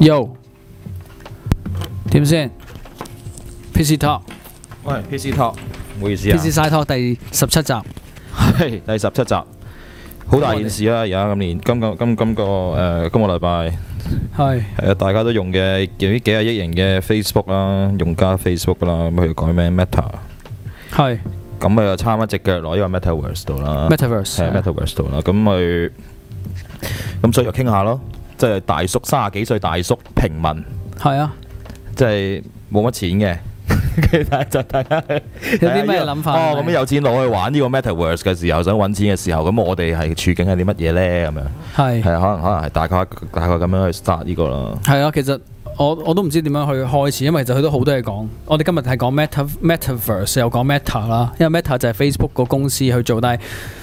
Yo，點先？PC Talk，喂，PC Talk，唔好意思啊。PC SideTalk 第十七集，係第十七集，好大件事啦！而家今年今個今今個誒今個禮拜係係啊，大家都用嘅，有呢幾廿億人嘅 Facebook 啦，用家 Facebook 噶啦，咁佢講咩 Meta 係，咁咪又差一隻腳落呢個 Metaverse 度啦，Metaverse 係 Metaverse 度啦，咁咪咁所以又傾下咯。即係大叔，三十幾歲大叔，平民，係啊，即係冇乜錢嘅， 其實大家就大家有啲咩諗法？ 哦，咁啊，有錢攞去玩呢個 Metaverse 嘅時候， 想搵錢嘅時候，咁我哋係處境係啲乜嘢咧？咁樣係，係可能可能係大概大概咁樣去 start 呢個啦。係啊，其實我我都唔知點樣去開始，因為其實佢都好多嘢講。我哋今日係講 Meta Metaverse，又講 Meta 啦，因為 Meta 就係 Facebook 個公司去做，但係。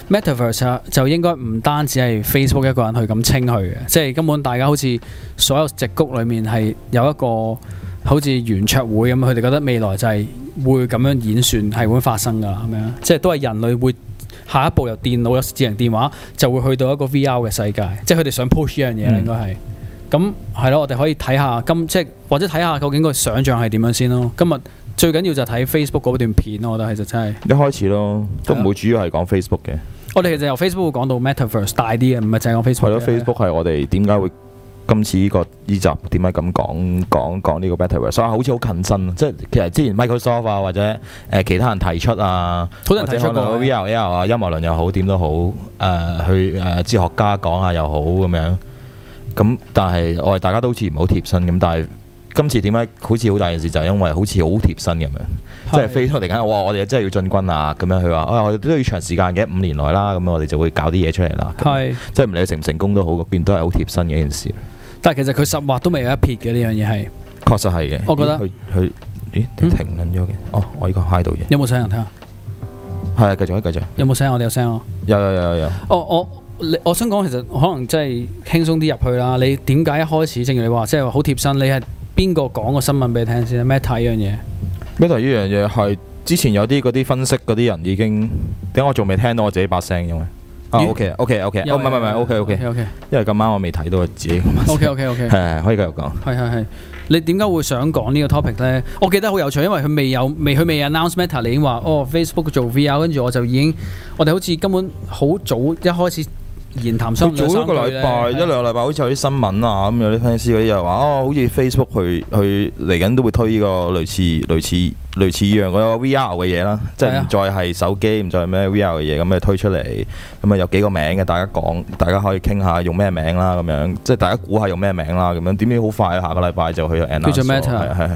Metaverse 就應該唔單止係 Facebook 一個人去咁稱佢嘅，即係根本大家好似所有矽谷裏面係有一個好似圓桌會咁，佢哋覺得未來就係會咁樣演算係會發生㗎，係咪？即係都係人類會下一步由電腦有智能電話就會去到一個 VR 嘅世界，即係佢哋想 push 呢樣嘢啦，嗯、應該係咁係咯，我哋可以睇下今即係或者睇下究竟個想像係點樣先咯。今日最緊要就睇 Facebook 嗰段片咯，我覺得其實真係一開始咯，都唔會主要係講 Facebook 嘅。我哋其實由 Facebook 講到 Metaverse 大啲嘅，唔係凈係講 Facebook。係咯，Facebook 係我哋點解會今次呢個呢集點解咁講講講呢個 Metaverse？所以好似好近身，即係其實之前 Microsoft 啊或者誒、呃、其他人提出啊，好多人提出或者可能 VR 啊、音樂論又好點都好誒、呃、去誒哲、呃、學家講下又好咁樣。咁但係我哋大家都好似唔好貼身咁，但係。今次點解好似好大件事？就係、係、因為好似好貼身咁樣，的即係飛出嚟緊。哇！我哋真係要進軍啊！咁樣佢話、哎，我哋都要長時間嘅五年內啦。咁樣我哋就會搞啲嘢出嚟啦。係的，即係唔理成唔成功都好，變都係好貼身嘅一件事。但係其實佢實話都未有一撇嘅呢樣嘢係。確實係嘅，我覺得。佢去，停緊咗嘅。嗯、哦，我呢個 high 到嘢。有冇聲？睇下。係，繼續，繼續。有冇聲？我哋有聲哦。有有有有有、哦。我我，我想講其實可能即係輕鬆啲入去啦。你點解一開始正如你話，即係話好貼身？你係。邊個講個新聞俾你聽先 m e t a 依樣嘢，Meta 依樣嘢係之前有啲嗰啲分析嗰啲人已經點解我仲未聽到我自己把聲用咧、啊、於？OK OK OK 唔係唔係 OK OK OK，, okay 因為今晚我未睇到自己。OK OK OK， 可以繼續講。係係係，你點解會想講呢個 topic 咧？我記得好有趣，因為佢未有未佢未 announce Meta，你已經話哦 Facebook 做 VR，跟住我就已經我哋好似根本好早一開始。我早一個禮拜一兩個禮拜，好似有啲新聞啊咁，有啲分析師嗰啲又話哦，好似 Facebook 去去嚟緊都會推呢個類似類似類似依樣嗰個 VR 嘅嘢啦，即係唔再係手機，唔再係咩 VR 嘅嘢咁去推出嚟，咁啊有幾個名嘅，大家講，大家可以傾下用咩名啦，咁樣即係大家估下用咩名啦，咁樣點知好快下個禮拜就去 announce，係係係。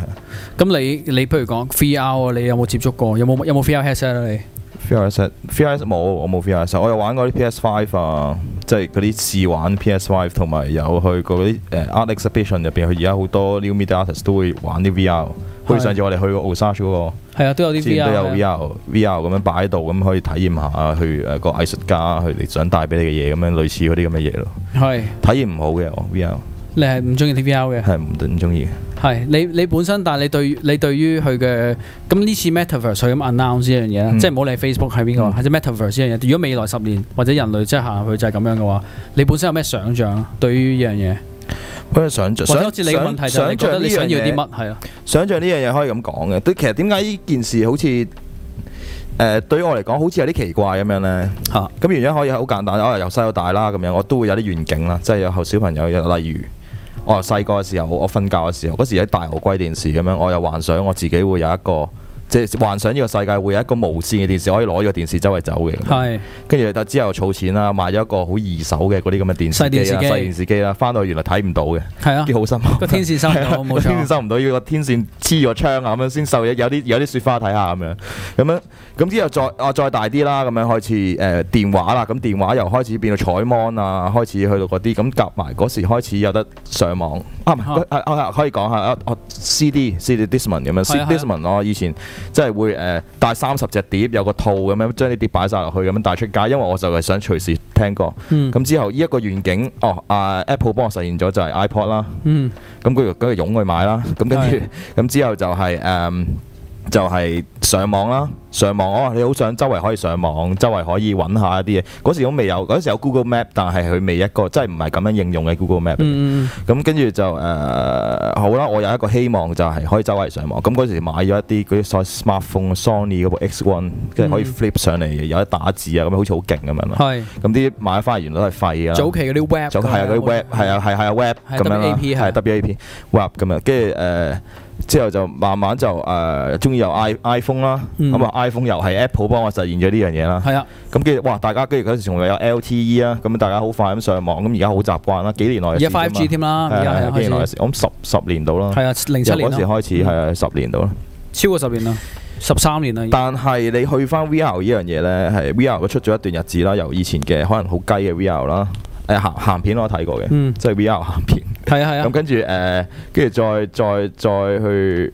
咁你你譬如講 VR 啊？你有冇接觸過？有冇有冇 VR headset 啊？你？S VR s v r s 冇，我冇 VR s 我有玩過嗰啲 PS Five 啊，即係嗰啲試玩 PS Five，同埋有去過嗰啲 art exhibition 入邊，佢而家好多 new media artist 都會玩啲 VR，啊。好似上次我哋去奧沙嗰個，係啊，都有啲 v 都有 VR，VR 咁，啊、VR 樣擺喺度，咁可以體驗下去，去誒個藝術家佢想帶俾你嘅嘢，咁樣類似嗰啲咁嘅嘢咯。係，啊、體驗唔好嘅，VR。你係唔中意 T V L 嘅？係唔唔中意嘅。係你你本身，但係你對你對於佢嘅咁呢次 Metaverse 咁 announce 呢樣嘢、嗯、即係唔好理 Facebook 係邊個，係只、嗯、Metaverse 呢樣嘢。如果未來十年或者人類即係行去就係咁樣嘅話，你本身有咩想像咧？對於呢樣嘢，我想，想，想像你嘅問題就係你，你想要啲乜係啊？想像呢樣嘢可以咁講嘅。其實點解呢件事好似誒、呃、對於我嚟講好似有啲奇怪咁樣咧？嚇、啊！咁原因可以係好簡單，可能由細到大啦咁樣，我都會有啲願景啦，即係有後小朋友例如。我細個嘅時候，我瞓覺嘅時候，嗰時喺大鴻龜電視咁樣，我又幻想我自己會有一個。即係幻想呢個世界會有一個無線嘅電視，可以攞個電視周圍走嘅。係是。跟住就之後儲錢啦，買咗一個好二手嘅嗰啲咁嘅電視機啦、細電視機啦，翻到原來睇唔到嘅。係啊，幾好心。個天線收唔到，要個、啊、錯天線黐咗窗啊咁樣先受嘢。有啲有啲雪花睇下咁樣。咁樣咁之後再啊再大啲啦，咁樣開始誒、呃、電話啦。咁電，電話又開始變到彩芒 o 啊，開始去到嗰啲咁夾埋嗰時開始有得上網。啊，啊，啊，啊可以講下、啊、CD CD disman 咁樣 d i s m、啊啊、以前。即係會誒、呃、帶三十隻碟，有個套咁樣將啲碟擺晒落去咁樣帶出街，因為我就係想隨時聽歌。咁、嗯、之後呢一個願景，哦啊 Apple 幫我實現咗就係 iPod 啦。咁佢用嗰個傭去買啦。咁跟住咁之後就係、是、誒。嗯就係上網啦，上網哦！你好想周圍可以上網，周圍可以揾下一啲嘢。嗰時都未有，嗰時有 Google Map，但係佢未一個即係唔係咁樣應用嘅 Google Map。嗯，咁跟住就誒好啦，我有一個希望就係可以周圍上網。咁嗰時買咗一啲嗰啲所謂 Smartphone Sony 嗰部 X1，跟住可以 flip 上嚟，有一打字啊，咁好似好勁咁樣咯。係。咁啲買翻嚟原來都係廢啊。早期嗰啲 Web 就係啊，嗰啲 Web 係啊係啊 Web 咁樣 AP 係 WAP，Web 咁樣，跟住誒。之後就慢慢就誒中意由 i iPhone 啦，咁啊 iPhone 又係 Apple 幫我實現咗呢樣嘢啦。係啊，咁跟住哇，大家跟住嗰時仲有 LTE 啊，咁大家好快咁上網，咁而家好習慣啦。幾年內？而家 5G 添啦，而幾年內？我諗十十年到啦。係啊，零七年嗰時開始，係啊，十年到啦。超過十年啦，十三年啦已經。但係你去翻 VR 呢樣嘢咧，係 VR 都出咗一段日子啦。由以前嘅可能好雞嘅 VR 啦，誒鹹鹹片我睇過嘅，即係 VR 鹹片。係係啊，咁跟住誒，跟住、呃、再再再去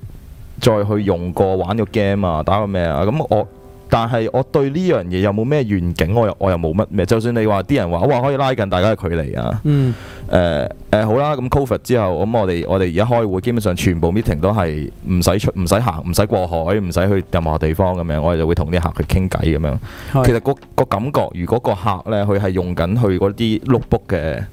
再去用過玩個 game 啊，打個咩啊？咁我但係我對呢樣嘢又冇咩願景，我又我又冇乜咩。就算你話啲人話哇、哦、可以拉近大家嘅距離啊，誒誒、嗯呃呃、好啦，咁 COVID 之後，咁、嗯、我哋我哋而家開會基本上全部 meeting 都係唔使出、唔使行、唔使過海、唔使去任何地方咁樣，我哋就會同啲客去傾偈咁樣。是的 其實、那個、是的 個感覺，如果個客咧佢係用緊佢嗰啲碌 book 嘅，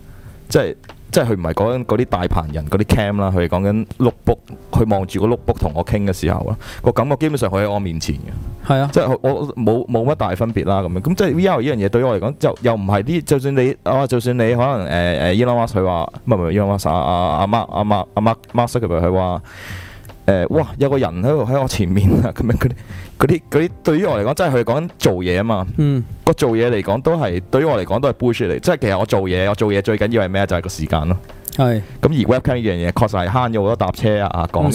即係。即係佢唔係講緊嗰啲大班人嗰啲 cam 啦，佢哋講緊碌 book 佢望住個碌 book 同我傾嘅時候啊，個感覺基本上佢喺我面前嘅。係啊，即係我冇冇乜大分別啦咁樣。咁即係 VR 呢樣嘢對於我嚟講就又唔係啲，就算你啊，就算你可能誒誒，Elon Musk 話唔係唔係 Elon Musk 啊阿阿阿 master 佢佢話。m ira 誒、呃、哇！有個人喺度喺我前面啊，咁樣啲啲啲對於我嚟講，真係佢講做嘢啊嘛。嗯。個做嘢嚟講都係對於我嚟講都係 push 出嚟，即係其實我做嘢，我做嘢最緊要係咩？就係、是、個時間咯。係，咁而 webcam 呢樣嘢，確實係慳咗好多搭車啊、啊講嘢啊、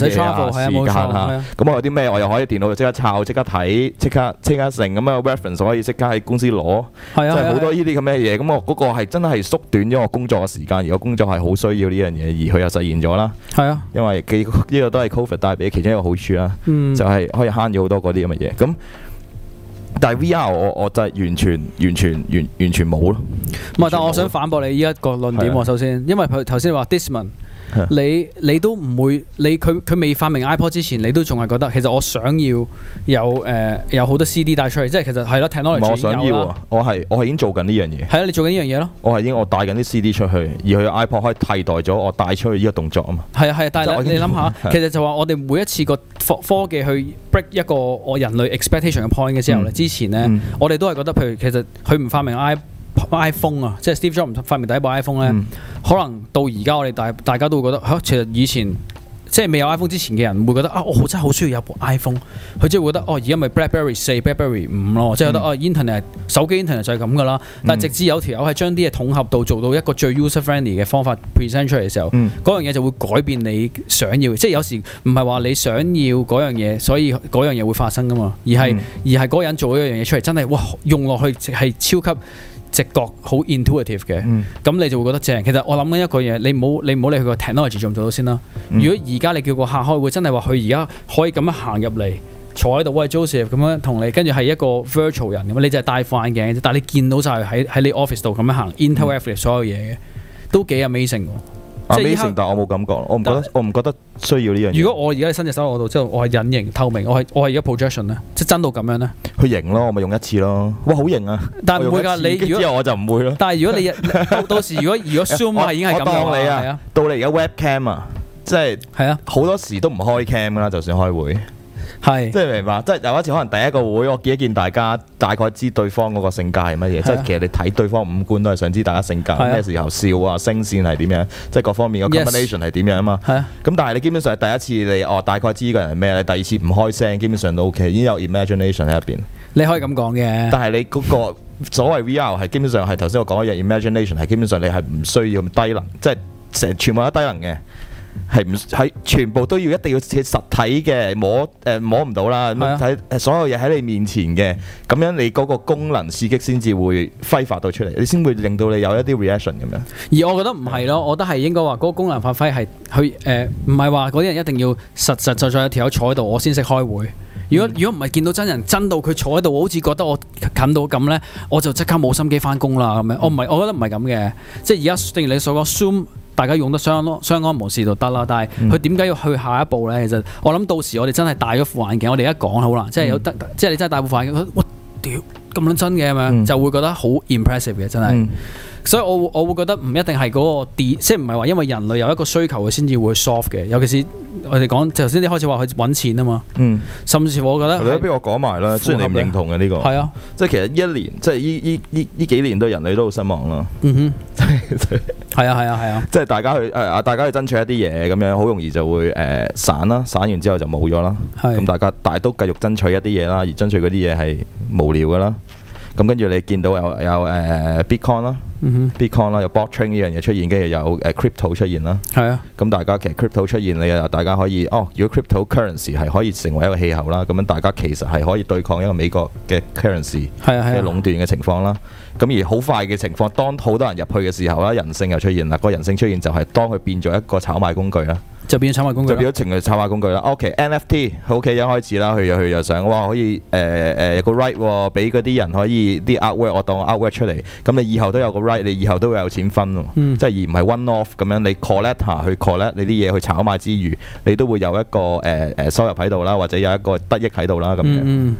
travel，時間啊。咁冇錯、我有啲咩，係啊、我又可以電腦即刻抄、即刻睇、即刻、即刻成咁嘅、嗰個、reference，可以即刻喺公司攞，即係好多呢啲咁嘅嘢。咁我嗰個係真係縮短咗我工作嘅時間。如果工作係好需要呢樣嘢，而佢又實現咗啦。係啊，因為記呢個都係 COVID 帶俾其中一個好處啦，嗯、就係可以慳咗好多嗰啲咁嘅嘢。咁。但係 VR 我我真係完全完全完完全冇咯。唔係。但係我想反駁你依一個論點，首先，是的 因為佢頭先話。dismon。你你都唔會，你佢佢未發明 iPod 之前，你都仲係覺得其實我想要有誒、呃、有好多 CD 帶出去，即係其實係咯，聽攞嚟我想要，啊，我係我係已經做緊呢樣嘢。係啊，你做緊呢樣嘢咯。我係應該我帶緊啲 CD 出去，而佢 iPod 可以替代咗我帶出去呢個動作啊嘛。係啊係，但係你你諗下，是啊、其實就話我哋每一次個科技去 break 一個我人類 expectation 嘅 point 嘅時候呢，嗯、之前呢，嗯、我哋都係覺得譬如其實佢唔發明 i iPhone 啊，即係 Steve Jobs 發明第一部 iPhone 咧，mm. 可能到而家我哋大大家都會覺得嚇。其實以前即係未有 iPhone 之前嘅人，會覺得啊、哦，我真係好需要有部 iPhone。佢即係會覺得哦，而家咪 BlackBerry 四、BlackBerry 五咯，mm. 即係覺得哦，Internet 手機 Internet 就係咁噶啦。但係直至有條友係將啲嘢統合到做到一個最 user friendly 嘅方法 present 出嚟嘅時候，嗰、mm. 樣嘢就會改變你想要。即係有時唔係話你想要嗰樣嘢，所以嗰樣嘢會發生噶嘛，而係、mm. 而係嗰人做一樣嘢出嚟，真係哇，用落去係超級。直覺好 intuitive 嘅，咁、嗯、你就會覺得正。其實我諗緊一個嘢，你唔好你唔好理佢個 technology 做唔做到先啦。嗯、如果而家你叫個客開會，真係話佢而家可以咁樣行入嚟，坐喺度，喂 Joseph 咁樣同你，跟住係一個 virtual 人咁，你就係戴副眼鏡，但係你見到曬喺喺你 office 度咁樣行、嗯、，interact 所有嘢嘅，都幾 amazing 阿李成，但、啊、我冇感覺，我唔覺得，但我唔覺得需要呢樣嘢。如果我而家伸隻手喺我度之後，我係隱形透明，我係我係而家 projection 咧，即係真到咁樣咧。佢型咯，我咪用一次咯。哇，好型啊！但係唔會㗎，你如果之後我就唔會咯。但係如果你到到時如果如果 zoom 係 已經係咁樣，係啊，到你而家 webcam 啊，即係係啊，好多時都唔開 cam 啦，就算開會。係是，即係明白，即係有一次可能第一個會，是我見一見大家，大概知對方嗰個性格係乜嘢。啊、即係其實你睇對方五官都係想知大家性格咩、啊、時候笑啊，聲線係點樣，即係各方面嘅 combination 係點 Yes, 樣啊嘛。咁、啊、但係你基本上係第一次嚟，哦，大概知依個人係咩。你第二次唔開聲，基本上都 OK，已經有 imagination 喺入邊。你可以咁講嘅。但係你嗰個所謂 VR 係基本上係頭先我講嗰樣 imagination 係基本上你係唔需要咁低能，即係成全部都低能嘅，係唔係全部都要一定要切實體嘅，摸誒摸唔到啦，咁樣睇所有嘢喺你面前嘅，咁樣你嗰個功能刺激先至會揮發到出嚟，你先會令到你有一啲 reaction 咁樣。而我覺得唔係咯，我覺得係應該話嗰個功能發揮係去誒，唔係話嗰啲人一定要實實在在有條友坐喺度，我先識開會。如果如果唔係見到真人真到佢坐喺度，我好似覺得我近到咁呢，我就即刻冇心機翻工啦咁樣。我唔係，我覺得唔係咁嘅，即係而家正如你所講 zoom 大家用得相安相安無事就得啦，但係佢點解要去下一步呢？其實我諗到時我哋真係戴咗副眼鏡，我哋一講好啦、嗯，即係有得即係你真係戴副眼鏡，哇屌咁撚真嘅係咪？嗯、就會覺得好 impressive 嘅真係。嗯嗯。所以我我會覺得唔一定係嗰、嗰個即係唔係話因為人類有一個需求佢先至會 soft 嘅。尤其是我哋講頭先你開始話佢揾錢啊嘛，嗯、甚至我覺得，你俾我講埋啦，雖然你唔認同嘅呢、呢個，係啊，即係其實一年，即係呢依幾年對人類都好失望啦。嗯係啊係啊係啊，啊啊啊即係大家去大家去爭取一啲嘢咁樣，好容易就會誒散啦，散完之後就冇咗啦。係、啊，咁大家但係都繼續爭取一啲嘢啦，而爭取嗰啲嘢係無聊噶啦。咁跟住你見到有有誒、呃、Bitcoin 啦、嗯、哼，Bitcoin 啦，有 Blockchain 呢樣嘢出現，跟住有誒 crypto 出現啦。係啊，咁大家其實 crypto 出現，你、大家可以、哦、如果 cryptocurrency 係可以成為一個氣候啦，咁樣大家其實係可以對抗一個美國嘅 currency 嘅、啊、壟斷嘅情況啦。咁而好快嘅情況，當好多人入去嘅時候啦，人性又出現啦，個人性出現就係當佢變咗一個炒賣工具啦，就變咗炒賣工具，就變咗成，成，成為炒賣工具啦。O.K. N.F.T. O.K. 一開始啦，佢又佢又想，哇可以誒誒、呃呃、有個 right 俾嗰啲人可以啲 outwork，我當我 outwork 出嚟，咁你以後都有個 right，你以後都會有錢分喎，即係、嗯、而唔係 one off 咁樣，你 collect 下，去 collect 你啲嘢去炒賣之餘，你都會有一個誒誒、呃、收入喺度啦，或者有一個得益喺度啦咁樣。嗯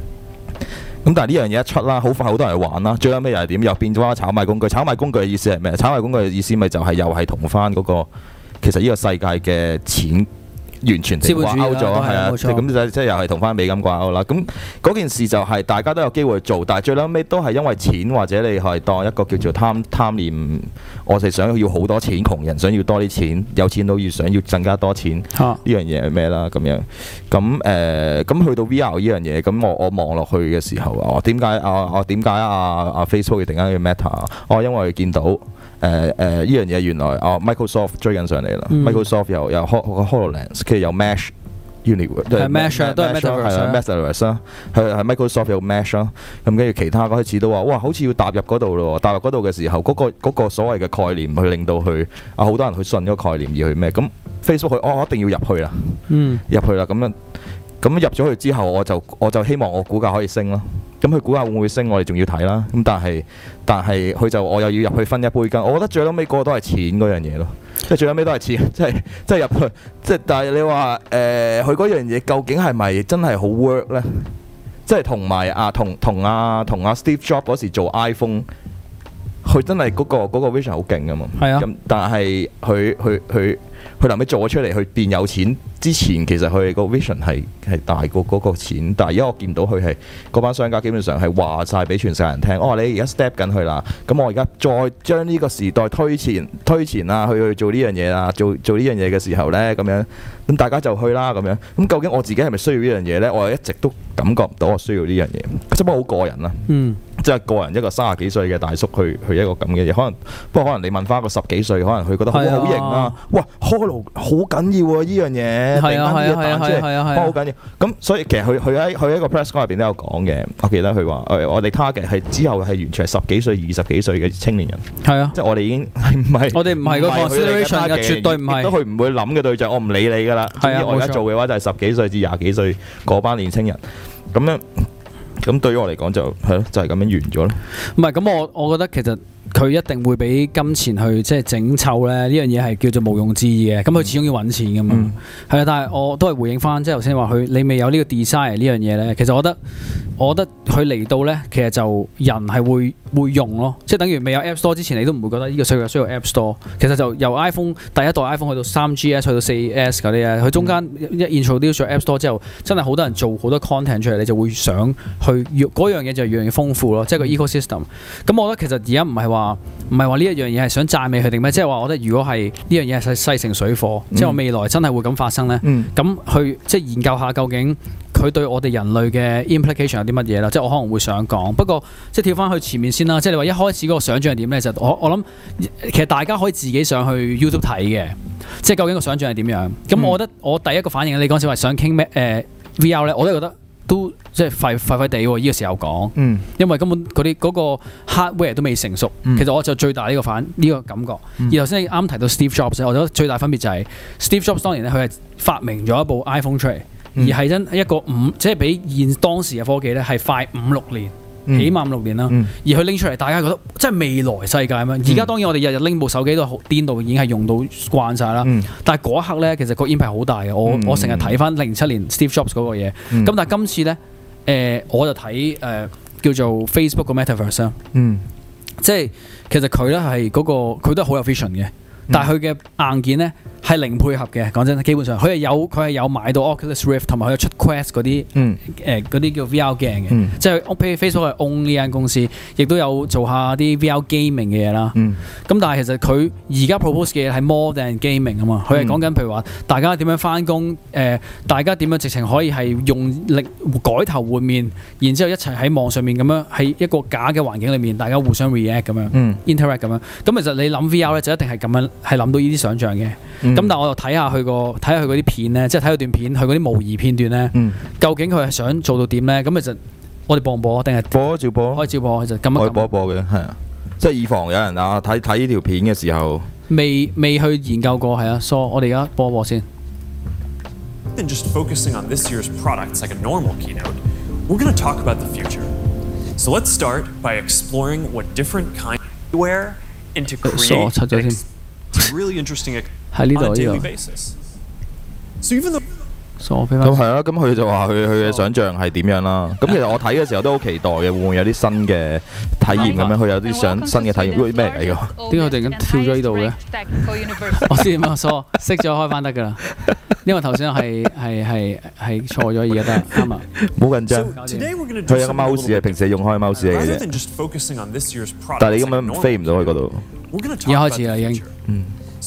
咁但係呢樣嘢一出啦，好快好多人玩啦。最後尾又係點？又變咗炒賣工具。炒賣工具嘅意思係咩？炒賣工具嘅意思咪就係又係同翻嗰個，其實呢個世界嘅錢。完全掛鈎咗，係是啊，咁就沒錯 即係又係同翻美金掛鈎啦。咁嗰件事就係大家都有機會做，但係最嬲尾都係因為錢或者你係當一個叫做貪貪念，我哋想要好多錢，窮人想要多啲錢，有錢佬要想要增加多錢，呢、啊、樣嘢係咩啦？咁樣咁誒，咁、呃、去到 VR 呢樣嘢，咁我我望落去嘅時候，我點解啊？我點解啊？啊，啊，啊，啊，啊 Facebook 突然間要 Meta，我、啊、因為我見到。誒誒，呢樣嘢原來哦，Microsoft 追緊上嚟啦、嗯，Microsoft 又又 Hololens 佢又 Mesh Universe，係 Mesh 啊，都係 Mesh 啊，係 Metaverse 啦，係係 Microsoft 有 Mesh 啦，咁跟住其他開始都話哇，好似要踏入嗰度咯，踏入嗰度嘅時候，嗰、那個嗰、那個所謂嘅概念去令到佢啊好多人去信呢個概念而去咩，咁 Facebook 佢我、哦、我一定要入去啦，嗯，入去啦，咁樣咁入咗去之後，我就我就希望我股價可以升咯。咁佢估下會唔會升，我哋仲要睇啦。咁但係，但係佢就我又要入去分一杯羹。我覺得最尾尾個都係錢嗰樣嘢咯。即係最尾都係錢，即係即係入去。即係但係你話誒，佢、呃、嗰樣嘢究竟係咪真係好 work 呢？即係同埋啊，同同啊同啊，同阿 Steve Jobs 嗰時做 iPhone，佢真係嗰個嗰個 vision 好勁㗎嘛。係啊。咁但係佢佢佢佢臨尾做咗出嚟，佢變有錢。之前其實佢個 vision 係係大過嗰個錢，但係而家我見到佢係嗰班商家基本上係話晒俾全世界人聽，哦，你而家 step 緊去啦，咁我而家再將呢個時代推前推前啊，去去做呢樣嘢啦，做做呢樣嘢嘅時候呢，咁樣咁大家就去啦，咁樣咁究竟我自己係咪需要呢樣嘢呢？我係一直都感覺唔到我需要呢樣嘢，即係好過癮，啊。嗯。即係個人一個三十幾歲嘅大叔去去一個咁嘅嘢，可能不過可能你問翻一個十幾歲，可能佢覺得好好型啊。哇，Holo 好緊要啊！呢樣嘢突然間一彈出嚟，不過好緊要。咁所以其實佢佢喺佢喺個 press c 入邊都有講嘅。我記得佢話我哋 target 係之後係完全係十幾歲、二十幾歲嘅青年人。係啊，即係我哋已經唔係我哋唔係嗰個 situation 絕對唔係都去唔會諗嘅對象。我唔理你噶啦。我而家做嘅話就係十幾歲至廿幾歲嗰班年青人咁樣。咁對於我嚟講就係咯，就係咁樣完咗咯。唔係，咁我我覺得其實。佢一定會俾金錢去即係整臭咧，呢樣嘢係叫做毋庸置疑嘅。咁佢始終要揾錢㗎嘛。係啊、嗯，但係我都係回應翻，即係頭先話佢你未有呢個 design 呢樣嘢呢？其實我覺得我覺得佢嚟到呢，其實就人係會會用咯。即係等於未有 App Store 之前，你都唔會覺得呢個世界需要 App Store。其實就由 iPhone 第一代 iPhone 去到三 GS 去到四 S 嗰啲咧，佢、嗯、中間一 introduce 咗 App Store 之後，真係好多人做好多 content 出嚟，你就會想去要嗰樣嘢就越嚟越豐富咯。即係個 ecosystem。咁、嗯、我覺得其實而家唔係。話唔係話呢一樣嘢，係想讚美佢哋咩？即係話我覺得如果係呢樣嘢係世世成水火，嗯、即係我未來真係會咁發生呢。咁、嗯、去即係研究下究竟佢對我哋人類嘅 implication 有啲乜嘢啦。即係我可能會想講，不過即係跳翻去前面先啦。即係你話一開始嗰個想象係點呢？就我我諗其實大家可以自己上去 YouTube 睇嘅，嗯、即係究竟個想象係點樣。咁我覺得我第一個反應，你剛才話想傾咩？誒、呃，VR 咧，我都覺得。都即係快快快地喎！依個時候講嗯，因為根本嗰啲嗰個 hardware 都未成熟。其實我就最大呢個反呢個感覺。而頭先你啱提到 Steve Jobs，我覺得最大分別就係 Steve Jobs 當年咧，佢係發明咗一部 iPhone 出嚟，而係因一個五，即係比現當時嘅科技咧係快五六年。幾萬五六年啦，嗯、而佢拎出嚟，大家覺得即係未來世界咩？而家當然我哋日日拎部手機都係顛倒，已經係用到慣晒啦。嗯、但係嗰一刻咧，其實個 impact 好大嘅。我、嗯、我成日睇翻零七年 Steve Jobs 嗰個嘢。咁、嗯、但係今次咧，誒、呃、我就睇誒、呃、叫做 Facebook 嘅 Metaverse、嗯、即係其實佢咧係嗰個佢都係好有 vision 嘅，但係佢嘅硬件咧，係零配合嘅，講真，基本上佢係有佢係有買到 Oculus Rift 同埋佢有出 Quest 嗰啲，誒，嗰啲叫 VR 鏡嘅，嗯、即係譬如 Facebook 係 own 呢間公司，亦都有做下啲 VR gaming 嘅嘢啦。咁、嗯、但係其實佢而家 propose 嘅係 more than gaming 啊嘛，佢係講緊譬如話大家點樣翻工，誒、呃、大家點樣直情可以係用力改頭換面，然之後一齊喺網上面咁樣喺一個假嘅環境裡面，大家互相 react 咁樣，interact 咁樣。咁、嗯、其實你諗 VR 咧就一定係咁樣係諗到呢啲想像嘅。嗯咁但係我又睇下佢個睇下佢嗰啲片咧，即係睇佢段片，佢嗰啲模擬片段咧，嗯、究竟佢係想做到點咧？咁其實我哋播唔播定係播，啊照，播啊、照播，開照播就實。開播播嘅係啊，即係以防有人啊睇睇呢條片嘅時候未，未未去研究過係啊，所以我哋而家播一播先。 喺呢度呢度，咁係、so，嗯、啊！咁、嗯、佢就話佢佢嘅想像係點樣啦？咁其實我睇嘅時候都好期待嘅，會唔會有啲新嘅體驗咁樣？佢、oh、my 有啲想新嘅體驗會咩嚟㗎？點解佢哋咁跳咗呢度嘅，我知點啊！識咗開翻得㗎啦。因為頭先係係係係錯咗而家得，啱啊！冇緊張，佢定有個 mouse 平時用開 mouse 嚟嘅。啫，但係你咁樣飛唔到去嗰度。已經開始啦，已經。嗯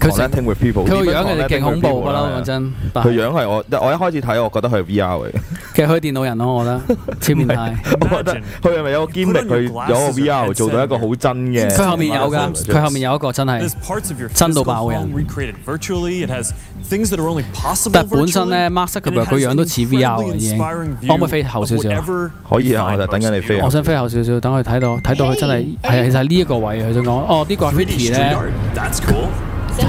佢個樣其實勁恐怖噶啦講真。佢樣係我我一開始睇，我覺得佢係 VR 嚟嘅。其實佢係電腦人咯，我覺得，黐唔黐？我覺得佢係咪有個堅密？佢有個 VR 做到一個好真嘅。佢後面有㗎，佢後面有一個真係真到爆嘅人。但係本身呢 Mark 佢樣都似 VR 嘅已經，可唔可以飛後少少，可以啊，我就等緊你飛。我想飛後少少，等佢睇到睇到佢真係其實係呢一個位，佢想講哦呢個 Pizzy 咧。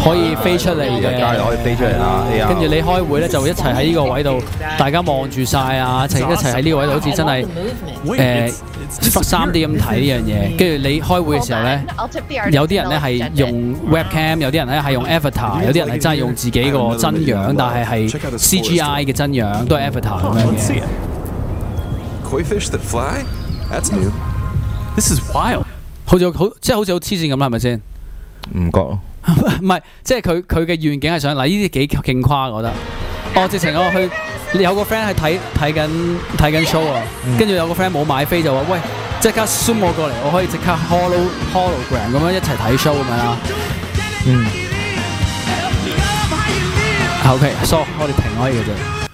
可以飛出嚟嘅，可以飛出嚟啦。跟住你開會咧，就一齊喺呢個位度，大家望住晒啊，一齊喺呢個位度，好似真係誒 3D 咁睇呢樣嘢。跟住你開會嘅時候咧，有啲人咧係用 Webcam，有啲人咧係用 Avatar，有啲人係真係用自己個真樣，但係係 CGI 嘅真樣，都係 Avatar 咁樣嘅。好似好即係好似好黐線咁啦，係咪先？唔覺。唔係， 即係佢佢嘅願景係想，嗱呢啲幾勁誇我覺得。 哦，直情我去，你有個 friend 係睇睇緊睇緊 show 啊，跟住、嗯、有個 friend 冇買飛就話，喂，即刻 Zoom 我過嚟，我可以即刻 holog hologram 咁樣一齊睇 show 咁樣啦。嗯。OK，so 我哋停開嘅啫。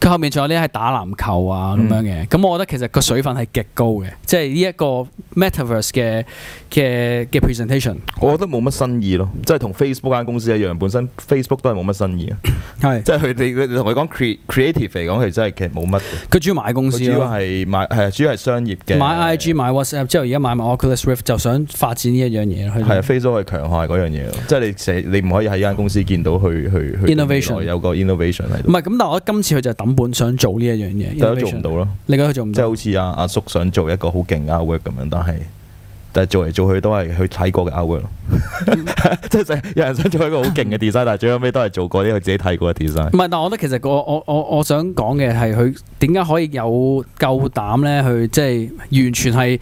佢 後面仲有啲係打籃球啊咁、嗯、樣嘅，咁我覺得其實個水分係極高嘅，即係呢一個 Metaverse 嘅。嘅嘅 presentation，我覺得冇乜新意咯，即係同 Facebook 間公司一樣，本身 Facebook 都係冇乜新意啊。係 是，即係佢哋同佢講 creative 嚟講，其實係其實冇乜。佢主要買公司主要係買係、啊、主要係商業嘅。買 IG 買 WhatsApp 之後，而家買埋 Oculus Rift 就想發展呢一樣嘢咯。係、嗯、啊，Facebook 係強化嗰樣嘢咯，即係你你唔可以喺依間公司見到 Innovation 去去去內有個 innovation 喺度。唔係，咁但我今次佢就等本想做呢一樣嘢，但都做唔到咯。你覺得佢做唔到？即係好似阿阿叔想做一個好勁嘅 work 咁樣，但係。但係做嚟做去都係去睇過嘅 out，即係 有人想做一個好勁嘅 design，但係最後尾都係做過啲佢自己睇過嘅 design。唔係，但係我覺得其實個我我我想講嘅係佢點解可以有夠膽咧，去即係完全係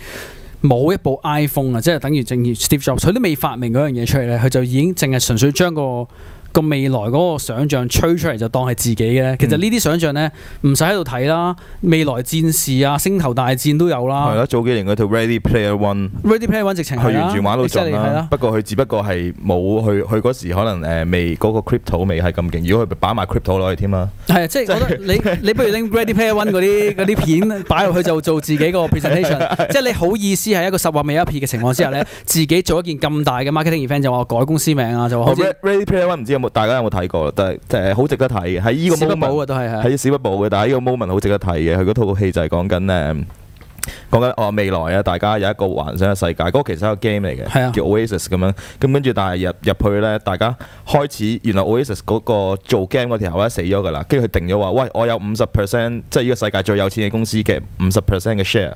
冇一部 iPhone 啊！即係等於正如 Steve Jobs 佢都未發明嗰樣嘢出嚟咧，佢就已經淨係純粹將個。個未來嗰個想像吹出嚟就當係自己嘅，其實呢啲想像咧唔使喺度睇啦。未來戰士啊、星球大戰都有啦。係啦，早幾年嗰套 Ready Player One，Ready Player One 直情係完全玩到盡，exactly, 不過佢只不過係冇佢佢嗰時可能誒未嗰、嗰個 crypto 未係咁勁，如果佢擺埋 crypto 落去添啊。係即係 我覺得你你不如拎 Ready Player One 嗰啲啲片擺落 去就做自己個 presentation， 即係你好意思係一個十萬未一撇嘅情況之下咧， 自己做一件咁大嘅 marketing event 就話改公司名啊，就好似、oh, Ready Player One。大家有冇睇過？但係誒，好、呃、值得睇嘅喺呢個 moment，喺《小不部》嘅，但係呢個 moment 好值得睇嘅。佢嗰、嗯、套戲就係講緊呢，講緊啊、哦、未來啊，大家有一個幻想嘅世界。嗰、那個其實係一個 game 嚟嘅，啊、叫 Oasis 咁樣。咁跟住，但係入入去呢，大家開始原來 Oasis 嗰個做 game 嗰條友咧死咗㗎啦。跟住佢定咗話，喂，我有五十 percent，即係呢個世界最有錢嘅公司嘅五十 percent 嘅 share。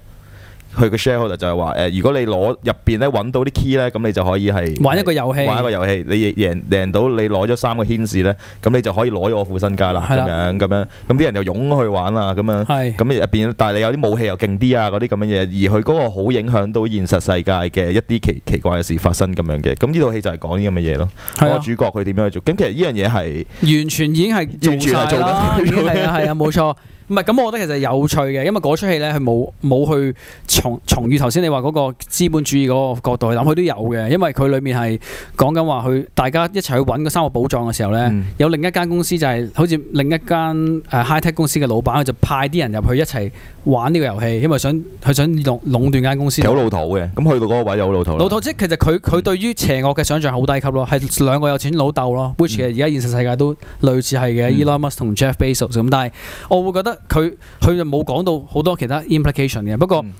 佢個 shareholder 就係話誒，如果你攞入邊咧揾到啲 key 咧，咁你就可以係玩一個遊戲，玩一個遊戲，你贏贏到你攞咗三個顯示咧，咁你就可以攞咗我副身家啦。咁樣咁樣，咁啲人又湧去玩啊，咁樣。係。咁入邊，但係你有啲武器又勁啲啊，嗰啲咁樣嘢，而佢嗰個好影響到現實世界嘅一啲奇奇怪嘅事發生咁樣嘅。咁呢套戲就係講啲咁嘅嘢咯。係啊。個主角佢點樣去做？咁其實呢樣嘢係完全已經係做住做啦。係啊係啊，冇錯。唔係，咁我覺得其實有趣嘅，因為嗰出戲呢，佢冇冇去從從於頭先你話嗰個資本主義嗰個角度去諗？佢都有嘅，因為佢裏面係講緊話佢大家一齊去揾嗰三個寶藏嘅時候呢，嗯、有另一間公司就係、是、好似另一間誒 high tech 公司嘅老闆，佢就派啲人入去一齊玩呢個遊戲，因為想佢想壟壟斷間公司。好老土嘅，咁去到嗰個位好老，老土。老土即係其實佢佢對於邪惡嘅想像好低級咯，係兩個有錢老豆咯。嗯、which 其實而家現實世界都類似係嘅、嗯、，Elon Musk 同 Jeff Bezos 咁。但係我會覺得佢佢就冇講到好多其他 implication 嘅。不過、嗯、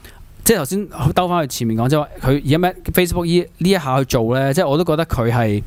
即係頭先兜翻去前面講，即係話佢而家咩 Facebook 呢一下去做咧，即係我都覺得佢係誒。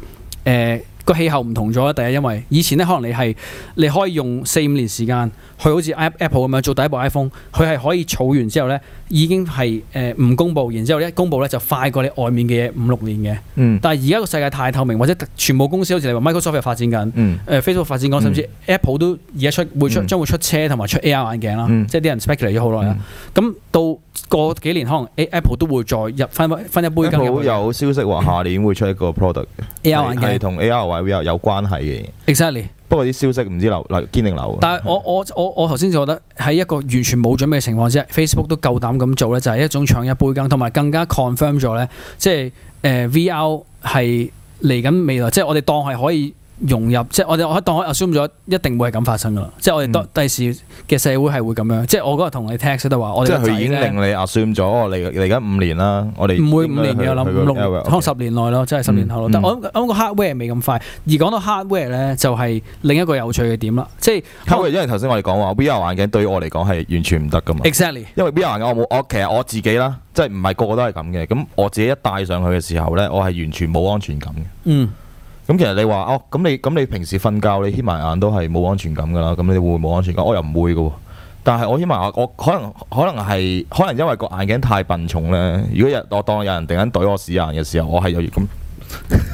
呃個氣候唔同咗，第一因為以前咧可能你係你可以用四五年時間，去好似 Apple Apple 咁樣做第一部 iPhone，佢係可以儲完之後咧已經係誒唔公佈，然之後咧公佈咧就快過你外面嘅嘢五六年嘅。嗯。但係而家個世界太透明，或者全部公司好似你話 Microsoft 又發展緊，誒 Facebook 發展緊，甚至 Apple 都而家出會出將會出車同埋出 AR 眼鏡啦，即係啲人 speculate 咗好耐啦。咁到過幾年可能 Apple 都會再入翻翻一杯金。Apple 有消息話下年會出一個 product。AR 眼鏡同 AR 眼。會有有關係嘅 exactly，不過啲消息唔知流，流堅定流。但係我我我我頭先就覺得喺一個完全冇準備嘅情況之下 ，Facebook 都夠膽咁做呢，就係、是、一種搶一杯羹，同埋更加 confirm 咗呢。即係、呃、VR 係嚟緊未來，即係我哋當係可以。融入即係我哋我喺當我 assume 咗一定會係咁發生噶啦，即係我哋第時嘅社會係會咁樣。即係我嗰日同你 text 都話，我即係佢已經令你 assume 咗。嚟嚟緊五年啦，我哋唔會五年嘅我諗，可能十年內咯，即係十年後咯。但係我諗個 hardware 未咁快。而講到 hardware 咧，就係另一個有趣嘅點啦。即係因為頭先我哋講話 VR 眼鏡對於我嚟講係完全唔得噶嘛。Exactly，因為 VR 眼鏡我冇我其實我自己啦，即係唔係個個都係咁嘅。咁我自己一戴上去嘅時候咧，我係完全冇安全感嘅。嗯。咁其實你話哦，咁你咁你平時瞓覺你掀埋眼都係冇安全感㗎啦，咁你會唔會冇安全感？我、哦、又唔會嘅喎，但係我掀埋眼，我可能可能係可能因為個眼鏡太笨重咧。如果人我當有人突然間懟我屎眼嘅時候，我係有咁。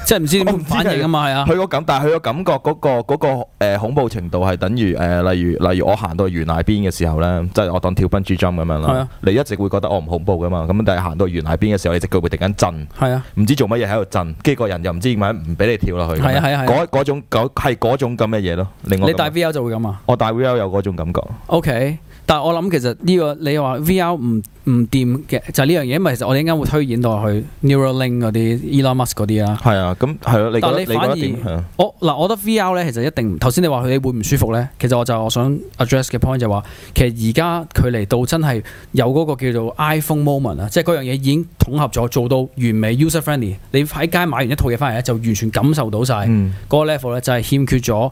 即係唔知點反應啊嘛，係啊。佢個感，但係佢個感覺嗰、嗰個、嗰個誒、嗰個呃、恐怖程度係等於誒、呃，例如例如我行到懸崖邊嘅時候咧，即係我當跳蹦豬 jump 咁樣啦。係啊。你一直會覺得我唔恐怖噶嘛？咁但係行到懸崖邊嘅時候，你隻腳會突然間震。係啊。唔知做乜嘢喺度震，跟住個人又唔知點解唔俾你跳落去。係係係嗰嗰種，係種咁嘅嘢咯。另外你戴 V R 就會咁啊？我戴 V R 有嗰種感覺。O、okay、K。但係我諗其實呢個你話 VR 唔唔掂嘅就係呢樣嘢，因為其實我哋啱啱會推演到去 Neuralink 嗰啲、Elon Musk 嗰啲啦。係啊，咁係咯。啊、你但你反而你我嗱，我覺得 VR 咧其實一定頭先你話佢會唔舒服咧，其實我就我想 address 嘅 point 就係、是、話，其實而家佢嚟到真係有嗰個叫做 iPhone moment 啊，即係嗰樣嘢已經統合咗做到完美 user friendly。你喺街買完一套嘢翻嚟咧，就完全感受到晒。嗰、嗯、個 level 咧，就係、是、欠缺咗。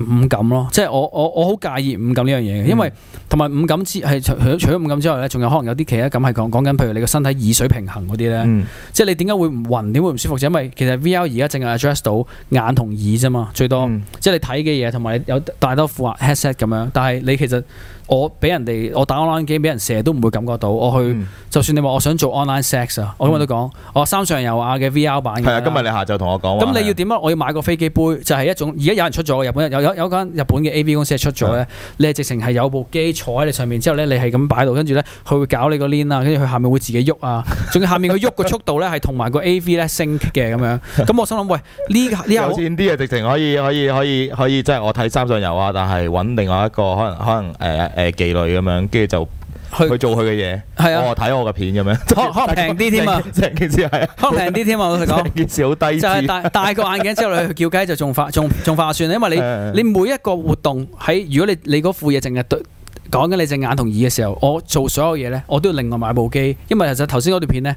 五感咯，即係我我我好介意五感呢樣嘢嘅，因為同埋五感之係除除咗五感之外咧，仲有可能有啲其他感係講講緊，譬如你個身體耳水平衡嗰啲咧，嗯、即係你點解會唔暈，點會唔舒服，就因為其實 VR 而家淨係 address 到眼同耳啫嘛，最多，嗯、即係你睇嘅嘢同埋有大多副 headset 咁樣，但係你其實。我俾人哋我打 online 機，俾人射都唔會感覺到。我去，嗯、就算你話我想做 online sex 啊、嗯，我今都講，我三上游啊嘅 VR 版嘅。係啊，今日你下晝同我講。咁你要點啊？我要買個飛機杯，就係、是、一種。而家有人出咗日本有有有間日本嘅 AV 公司係出咗咧。是的 你係直情係有部機坐喺你上面之後咧，你係咁擺到，跟住咧佢會搞你個 link 啊，跟住佢下面會自己喐啊，仲 要下面佢喐嘅速度咧係同埋個 AV 咧 sync 嘅咁樣。咁我心諗喂，呢呢、 這個、有，線啲啊！直情可以可以可以可以，即係、就是、我睇三上游啊，但係揾另外一個可能可能誒。呃誒妓女咁樣，跟住就去去做佢嘅嘢，我睇我嘅片咁樣，仲平啲添啊！成件事係平啲添啊！我同你講，件事好低啲。就係戴戴個眼鏡之後，你去叫雞就仲劃仲仲劃算啦，因為你你每一個活動喺如果你你嗰副嘢淨係對講緊你隻眼同耳嘅時候，我做所有嘢咧，我都要另外買部機，因為其實頭先嗰段片咧。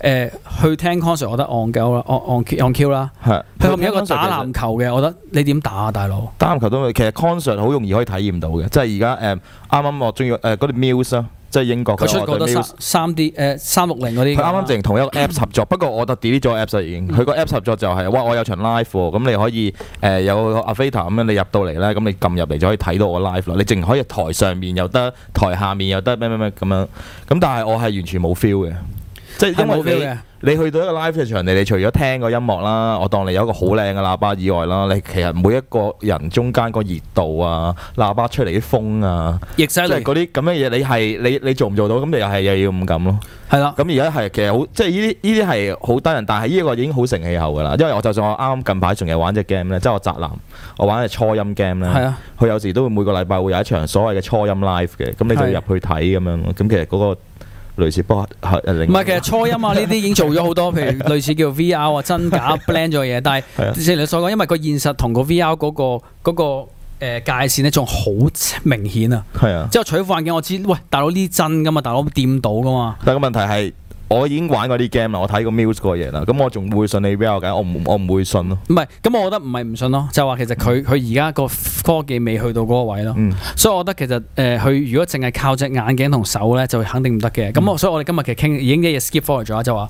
誒、呃、去聽 concert，我覺得 on 啦 Q 啦。佢入面一個打籃球嘅，實我覺得你點打啊，大佬？打籃球都其實 concert 好容易可以體驗到嘅，即係而家誒啱啱我中意誒嗰啲 Muse，即係英國佢出過都三 D 誒三六零嗰啲。佢啱啱淨同一個 app 合作， 不過我特 delete 咗 app 就已經。佢、嗯、個 app 合作就係、是、哇，我有場 live 喎、哦，咁你可以誒、呃、有個 avatar 咁樣，你入到嚟咧，咁你撳入嚟就可以睇到我 live 啦。你淨可以台上面又得，台下面又得咩咩咩咁樣。咁但係我係完全冇 feel 嘅。即係因為你去到一個 live 嘅場地，你除咗聽個音樂啦，我當你有一個好靚嘅喇叭以外啦，你其實每一個人中間個熱度啊，喇叭出嚟啲風啊，即係嗰啲咁嘅嘢，你係你你做唔做到？咁你又係又要咁咁咯？係啦 Yeah.。咁而家係其實好，即係呢啲呢啲係好低人，但係呢個已經好成氣候㗎啦。因為我就算我啱近排仲係玩隻 game 咧，即係我宅男，我玩隻初音 game 咧，佢有時都會每個禮拜會有一場所謂嘅初音 live 嘅，咁你就入去睇咁樣咯。咁其實嗰個。，類似波唔係，其實初音啊呢啲已經做咗好多，譬如類似叫 VR 啊真假 blend 咗嘢，但係正如你所講，因為個現實同個 VR 嗰個嗰個界線咧仲好明顯啊，係啊， 即係我除咗眼鏡我知，喂，大佬呢真噶嘛，大佬掂到噶嘛，但係個問題係。我已經玩過啲 game 啦，我睇過 news 嗰嘢啦，咁我仲會信你 VR 嘅？我唔我唔會信咯。唔係，咁我覺得唔係唔信咯，就話其實佢佢而家個科技未去到嗰個位咯，嗯、所以我覺得其實誒佢、呃、如果淨係靠隻眼鏡同手咧，就肯定唔得嘅。咁我、嗯、所以我哋今日其實傾已經一嘢 skip for 咗咗，就話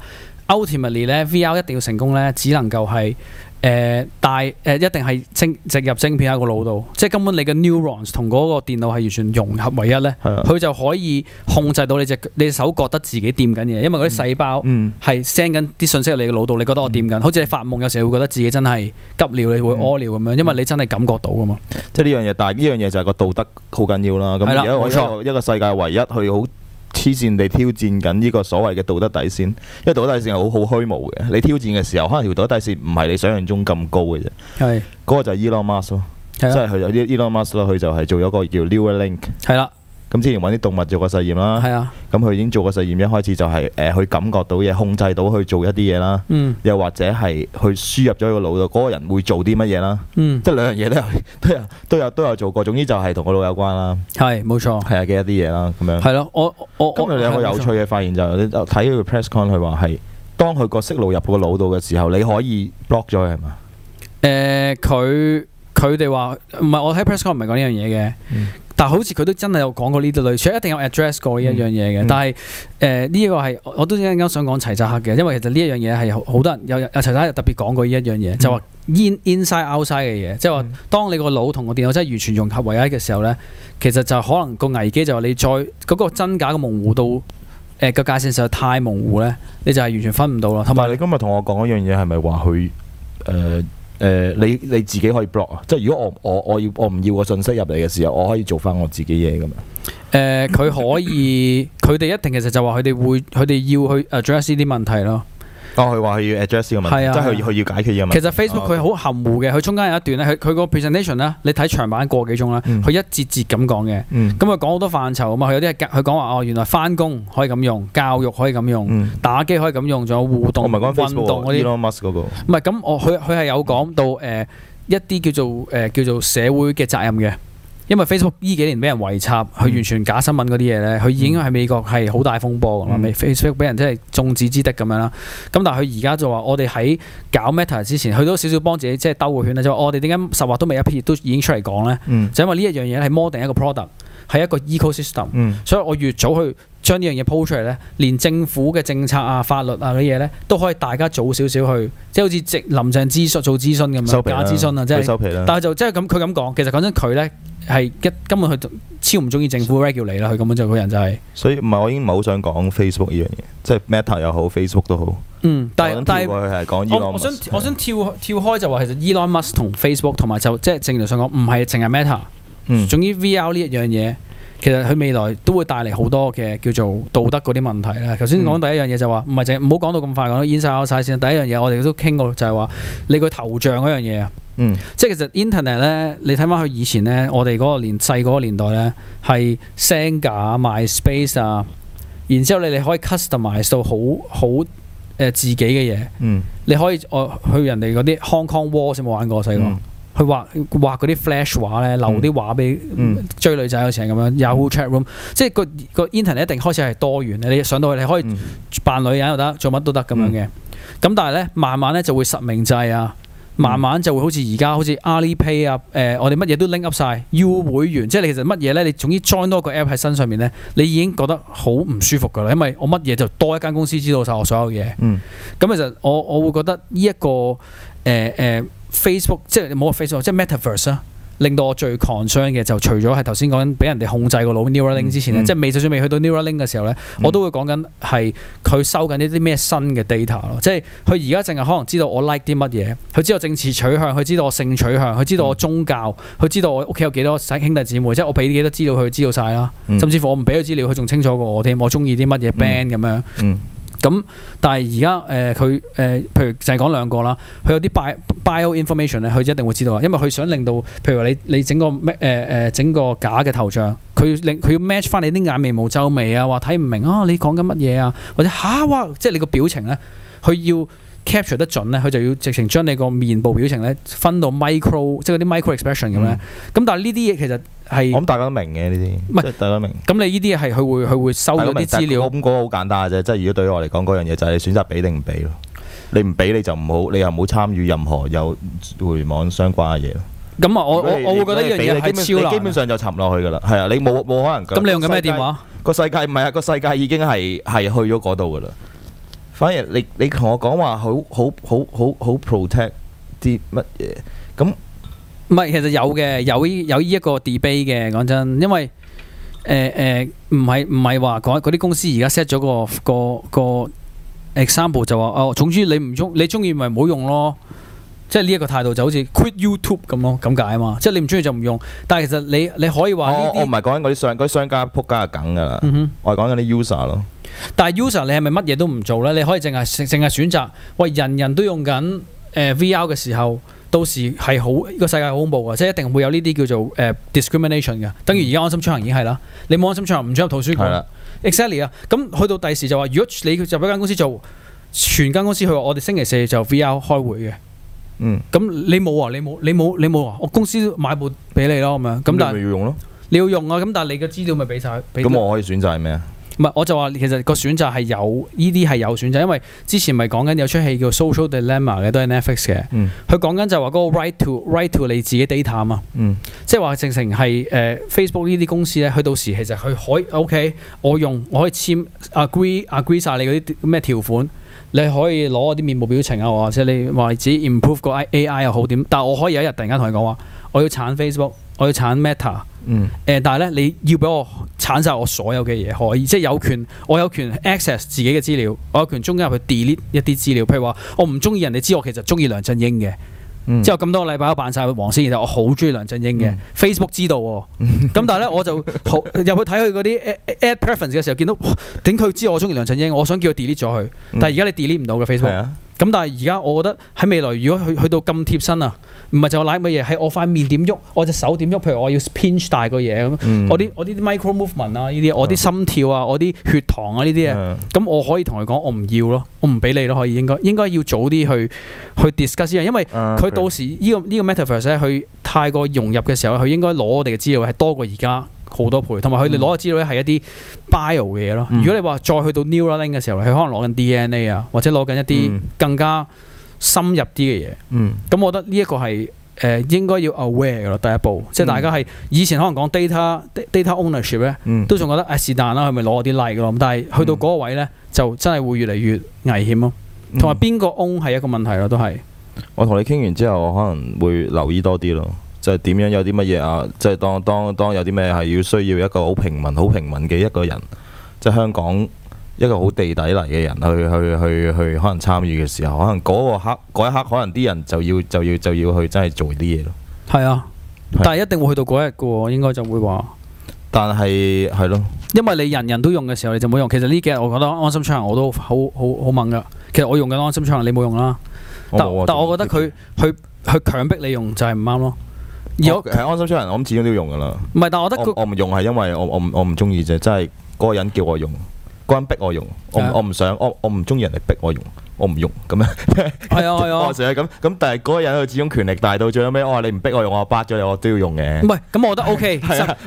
Ultimately 咧 VR 一定要成功咧，只能夠係。誒、呃，但係誒一定係晶植入晶片喺個腦度，即係根本你嘅 neurons 同嗰個電腦係完全融合為一咧，佢是的 就可以控制到你隻你手覺得自己掂緊嘢，因為嗰啲細胞係 send 緊啲信息入你嘅腦度，你覺得我掂緊。是的 好似你發夢有時會覺得自己真係急尿你會屙尿咁樣，因為你真係感覺到㗎嘛。即係呢樣嘢，嗯、但係呢樣嘢就係個道德好緊要啦。咁而家我一個沒錯 一個世界唯一去好。黐線地挑戰緊呢個所謂嘅道德底線，因為道德底線係好好虛無嘅。你挑戰嘅時候，可能條道德底線唔係你想象中咁高嘅啫。係的，嗰個就係 Elon Musk 咯的，即係佢有啲 Elon Musk 咯，佢就係做咗個叫 Neuralink。係啦。咁之前揾啲動物做過實驗啦，咁佢已經做過實驗，一開始就係誒去感覺到嘢，控制到去做一啲嘢啦，又或者係去輸入咗個腦度，嗰個人會做啲乜嘢啦，即係兩樣嘢都有都有都有都有做過，總之就係同個腦有關啦。係冇錯，係啊，記得啲嘢啦，咁樣。係咯，我我今日有個有趣嘅發現就係，就睇個 press con 佢話係當佢個訊號入個腦度嘅時候，你可以 block 咗佢係嘛？誒，佢佢哋話唔係，我喺 press con 唔係講呢樣嘢嘅。但好似佢都真係有講過呢啲類，其實一定有 address 過呢一樣嘢嘅。嗯嗯、但係誒呢個係我都一陣間想講齊澤克嘅，因為其實呢一樣嘢係好好多人有阿齊澤克特別講過呢一樣嘢，嗯、就話 inside outside 嘅嘢，即係話當你個腦同個電腦真係完全融合為一嘅時候呢，其實就可能個危機就係你再嗰、嗰個真假嘅模糊到誒個界線實在太模糊呢，你就係完全分唔到啦。同埋、嗯、你今日同我講一樣嘢係咪話佢誒？呃誒、呃，你你自己可以 block 啊！即係如果我我我要我唔要個信息入嚟嘅時候，我可以做翻我自己嘢咁樣，誒，佢、呃、可以，佢哋 一定其實就話，佢哋會，佢哋要去 address 呢啲問題咯。哦，佢話佢要 address 呢個問題，啊、即係佢要解決呢個問題其實 Facebook 佢好含糊嘅，佢、啊、中間有一段咧，佢佢個 presentation 咧，你睇長版個幾鐘啦。佢、嗯、一節節咁講嘅，咁佢講好多範疇啊嘛，佢有啲係佢講話哦，原來翻工可以咁用，教育可以咁用，嗯、打機可以咁用，仲有互動、book, 運動嗰啲。唔係咁，我佢佢係有講到誒、呃、一啲叫做誒叫做社會嘅責任嘅。因為 Facebook 呢幾年俾人圍插，佢完全假新聞嗰啲嘢咧，佢已經係美國係好大風波㗎嘛。Facebook 俾人即係眾矢之的咁樣啦。咁 但係佢而家就話，我哋喺搞 Meta 之前，佢都少少幫自己即係兜個圈啦，就是、我哋點解十話都未一撇，都已經出嚟講咧？就是、因為呢一樣嘢係 model 一個 product，係一個 ecosystem，所以我越早去。將呢樣嘢鋪出嚟咧，連政府嘅政策啊、法律啊啲嘢咧，都可以大家早少少去，即係好似直臨上諮詢做諮詢咁樣，樣，加諮詢啊，即係。收皮啦。但係就即係咁，佢咁講，其實講真，佢咧係一根本佢超唔中意政府 regulate 你啦，佢根本就個人就係。所以唔係，我已經唔係好想講 Facebook 呢樣嘢，即係 Meta 又好，Facebook 都好。好。嗯，但係但係、e、我我想 Musk, 我想跳跳開就話，其實 Elon Musk 同 Facebook 同埋就即係正常上講，唔係淨係 Meta。嗯。總之 VR 呢一樣嘢。其實佢未來都會帶嚟好多嘅叫做道德嗰啲問題啦。頭先講第一樣嘢就話，唔係淨，唔好講到咁快講。演曬我曬先。第一樣嘢我哋都傾過，就係，就係話你個頭像嗰樣嘢啊。嗯、即係其實 Internet 咧，你睇翻佢以前咧，我哋嗰個年細嗰個年代咧，係 Sanga 啊、MySpace 啊，然之後你哋可以 customize 到好好誒自己嘅嘢。嗯、你可以我、呃、去人哋嗰啲 Hong Kong Wall，有冇玩過細個？佢畫畫嗰啲 flash 畫咧，留啲畫俾、嗯、追女仔，有時係咁樣有、嗯、chatroom，即係、那個個 internet 一定開始係多元咧。你上到去你可以扮女人又得，做乜都得咁樣嘅。咁、嗯、但係咧，慢慢咧就會實名制啊，慢慢就會好似而家好似 Alipay 啊、呃，誒，我哋乜嘢都 link up 晒，要會員，嗯、即係你其實乜嘢咧？你總之 join 多個 app 喺身上面咧，你已經覺得好唔舒服噶啦，因為我乜嘢就多一間公司知道晒我所有嘢。嗯，咁、嗯、其實我我會覺得呢、這、一個誒誒。呃呃呃 Facebook 即係冇話 Facebook，即係 Metaverse 令到我最 concern 嘅就除咗係頭先講緊俾人哋控制個腦 Neuralink 之前咧，嗯嗯、即係未就算未去到 Neuralink 嘅時候咧，嗯、我都會講緊係佢收緊呢啲咩新嘅 data 咯。即係佢而家淨係可能知道我 like 啲乜嘢，佢知道政治取向，佢知道我性取向，佢知道我宗教，佢、嗯、知道我屋企有幾多兄弟姊妹，即係我俾啲幾多資料佢知道晒啦。嗯、甚至乎我唔俾佢資料，佢仲清楚過我添。我中意啲乜嘢 band 咁樣。嗯嗯嗯咁，但係而家誒佢誒，譬如就係講兩個啦，佢有啲 bio information 咧，佢一定會知道啊，因為佢想令到，譬如話你你整個誒誒、呃、整個假嘅頭像，佢令佢要 match 翻你啲眼眉毛皺眉啊，話睇唔明啊，你講緊乜嘢啊，或者嚇、啊、哇，即係你個表情咧，佢要 capture 得準咧，佢就要直情將你個面部表情咧分到 micro，即係嗰啲 micro expression 咁咧。咁但係呢啲嘢其實係我諗大家都明嘅呢啲，唔係大家都明。咁你呢啲嘢係佢會佢會收咗啲資料。咁嗰、嗰個好、嗰個嗰個、簡單嘅啫，即係如果對於我嚟講嗰樣嘢就係你選擇俾定唔俾咯。你唔俾你就唔好，你又冇參與任何有互聯網相關嘅嘢咯。咁啊我，我我我會覺得呢樣嘢係超難。基本，基本上就沉落去㗎啦。係啊，你冇冇可能？咁你用緊咩電話？世個世界唔係啊，個世界已經係係去咗嗰度㗎啦。反而你你同我講話好好好好 protect 啲乜嘢咁？唔係其實有嘅有呢有呢一個 debate 嘅，講真，因為誒誒唔係唔係話嗰嗰啲公司而家 set 咗個個個 example 就話哦，總之你唔中你中意咪唔好用咯，即係呢一個態度就好似 quit YouTube 咁咯咁解啊嘛，即係你唔中意就唔用。但係其實你你可以話、哦、我唔係講緊嗰啲商商家仆街梗㗎啦，嗯、哼我係講緊啲 user 咯。但係 user，你係咪乜嘢都唔做咧？你可以淨係淨係選擇喂，人人都用緊誒 VR 嘅時候，到時係好呢個世界好恐怖噶，即係一定會有呢啲叫做誒 discrimination 噶。等於而家安心出行已經係啦，你冇安心出行唔出入圖書館。係啦，Exactly 啊。咁去到第時就話，如果你入一間公司做，全間公司佢話我哋星期四就 VR 開會嘅。嗯。咁你冇啊？你冇？你冇？你冇啊？我公司買部俾你咯，係咪啊？咁但係你咪要用咯？你要用啊！咁但係你嘅資料咪俾晒佢？咁我可以選擇係咩啊？唔係，我就話其實個選擇係有呢啲係有選擇，因為之前咪講緊有出戲叫 Social Dilemma 嘅，都係 Netflix 嘅。佢講緊就話嗰個 Right to Right to 你自己 data 嘛，即係話正成係誒 Facebook 呢啲公司咧，佢到時其實佢可以 OK，我用我可以簽 agree agree 晒你嗰啲咩條款，你可以攞我啲面部表情啊，或者你話你自己 improve 個 AI 又好點，但我可以有一日突然間同你講話，我要鏟 Facebook。我要鏟 Meta，誒、呃、但係咧你要俾我鏟晒我所有嘅嘢，可以即係有權，我有權 access 自己嘅資料，我有權中間入去 delete 一啲資料，譬如話我唔中意人哋知我其實中意梁振英嘅，嗯、之後咁多個禮拜都扮晒黃絲，我好中意梁振英嘅、嗯、Facebook 知道喎、哦，咁 但係咧我就入去睇佢嗰啲 ad, ad preference 嘅時候，見到頂佢知我中意梁振英，我想叫佢 delete 咗佢，但係而家你 delete 唔到嘅 Facebook、嗯。咁但係而家，我覺得喺未來，如果去去到咁貼身啊，唔係就攋乜嘢，喺我塊面點喐，我隻手點喐，譬如我要 pinch 大個嘢咁、嗯，我啲我啲 micro movement 啊，呢啲，我啲心跳啊，我啲血糖啊呢啲嘢，咁、嗯、我可以同佢講，我唔要咯，我唔俾你咯，可以應該應該要早啲去去 discuss 先，因為佢到時呢、呢個呢、uh, right. 個 metaverse 咧，佢太過融入嘅時候，佢應該攞我哋嘅資料係多過而家。好多倍，同埋佢哋攞嘅資料咧係一啲 bio 嘅嘢咯。嗯、如果你話再去到 neuralink 嘅時候，佢可能攞緊 DNA 啊，或者攞緊一啲更加深入啲嘅嘢。咁、嗯、我覺得呢一個係誒、呃、應該要 aware 㗎喇，第一步。即係大家係、嗯、以前可能講 data data ownership 咧、嗯，都仲覺得啊是但啦，係咪攞啲 like 咯？但係去到嗰個位咧，就真係會越嚟越危險咯。同埋邊個 own 係一個問題咯，都係。我同你傾完之後，我可能會留意多啲咯。就點樣有啲乜嘢啊？即係當當當有啲咩係要需要一個好平民、好平民嘅一個人，即係香港一個好地底嚟嘅人去去去去，去可能參與嘅時候，可能嗰個刻嗰一刻，一刻可能啲人就要就要就要，就要去真係做啲嘢咯。係啊，啊但係一定會去到嗰日嘅喎，應該就會話。但係係咯，啊、因為你人人都用嘅時候，你就冇用。其實呢幾日我覺得安心出行我都好好好猛㗎。其實我用緊安心出行，你冇用啦。啊、但但我覺得佢去佢強迫你用就係唔啱咯。如果係安心出行，我諗始終都要用噶啦。唔係，但係我覺得我唔用係因為我我唔我唔中意啫，真係嗰個人叫我用，嗰人逼我用，我的我唔想我我唔中意人嚟逼我用。我唔用咁樣，係啊係啊，成日咁咁，但係嗰個人佢始終權力大到最後尾，我話你唔逼我用我八咗又我都要用嘅。唔係，咁我覺得 OK，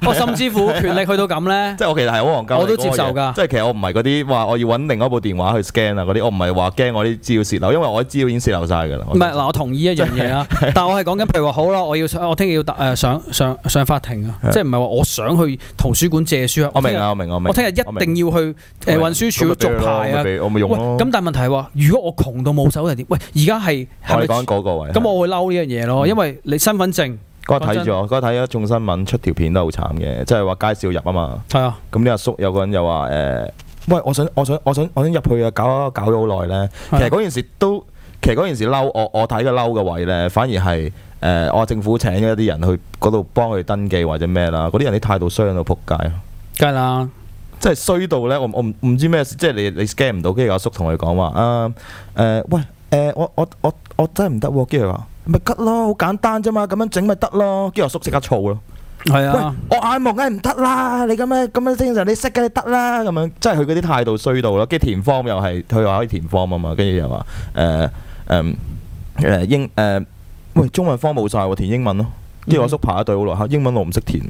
我甚至乎權力去到咁咧。即係我其實係好黃金，我都接受㗎。即係其實我唔係嗰啲話，我要揾另外一部電話去 scan 啊嗰啲，我唔係話驚我啲資料洩漏，因為我啲資料已經洩漏晒㗎啦。唔係嗱，我同意一樣嘢啊。但我係講緊譬如話好啦，我要我聽日要上上上法庭啊，即係唔係話我想去圖書館借書。我明啊，我明我明。我聽日一定要去誒運輸署續牌啊，我冇用咯。咁但係問題喎，如果我窮到冇手人哋，喂！而家係，係咪我哋講嗰個位，咁我會嬲呢樣嘢咯，嗯、因為你身份證，嗰日睇咗，我，我睇咗眾新聞出條片都好慘嘅，即係話街市入啊嘛。係啊。咁呢阿叔有個人又話誒，喂，我想我想我想我想入去啊，搞搞咗好耐咧。其實嗰件事都，其實嗰件事嬲我我睇佢嬲嘅位咧，反而係誒、呃、我政府請咗啲人去嗰度幫佢登記或者咩啦，嗰啲人啲態度衰到撲街。梗係啦。即係衰到咧，我我唔唔知咩，即係你你 scan 唔到，跟住阿叔同佢講話啊誒、呃、喂誒、呃、我我我我真係唔得喎，跟住話咪吉咯，好簡單啫嘛，咁樣整咪得咯，跟住阿叔即刻燥咯。係是啊，我眼盲梗係唔得啦，你咁樣咁樣精神，你識嘅得啦，咁樣即係佢嗰啲態度衰到咯，跟住填方又係佢話可以填方啊嘛，跟住又話誒誒誒英誒、呃、喂中文方冇晒喎，填英文咯，跟住阿叔排咗隊好耐嚇，英文我唔識填。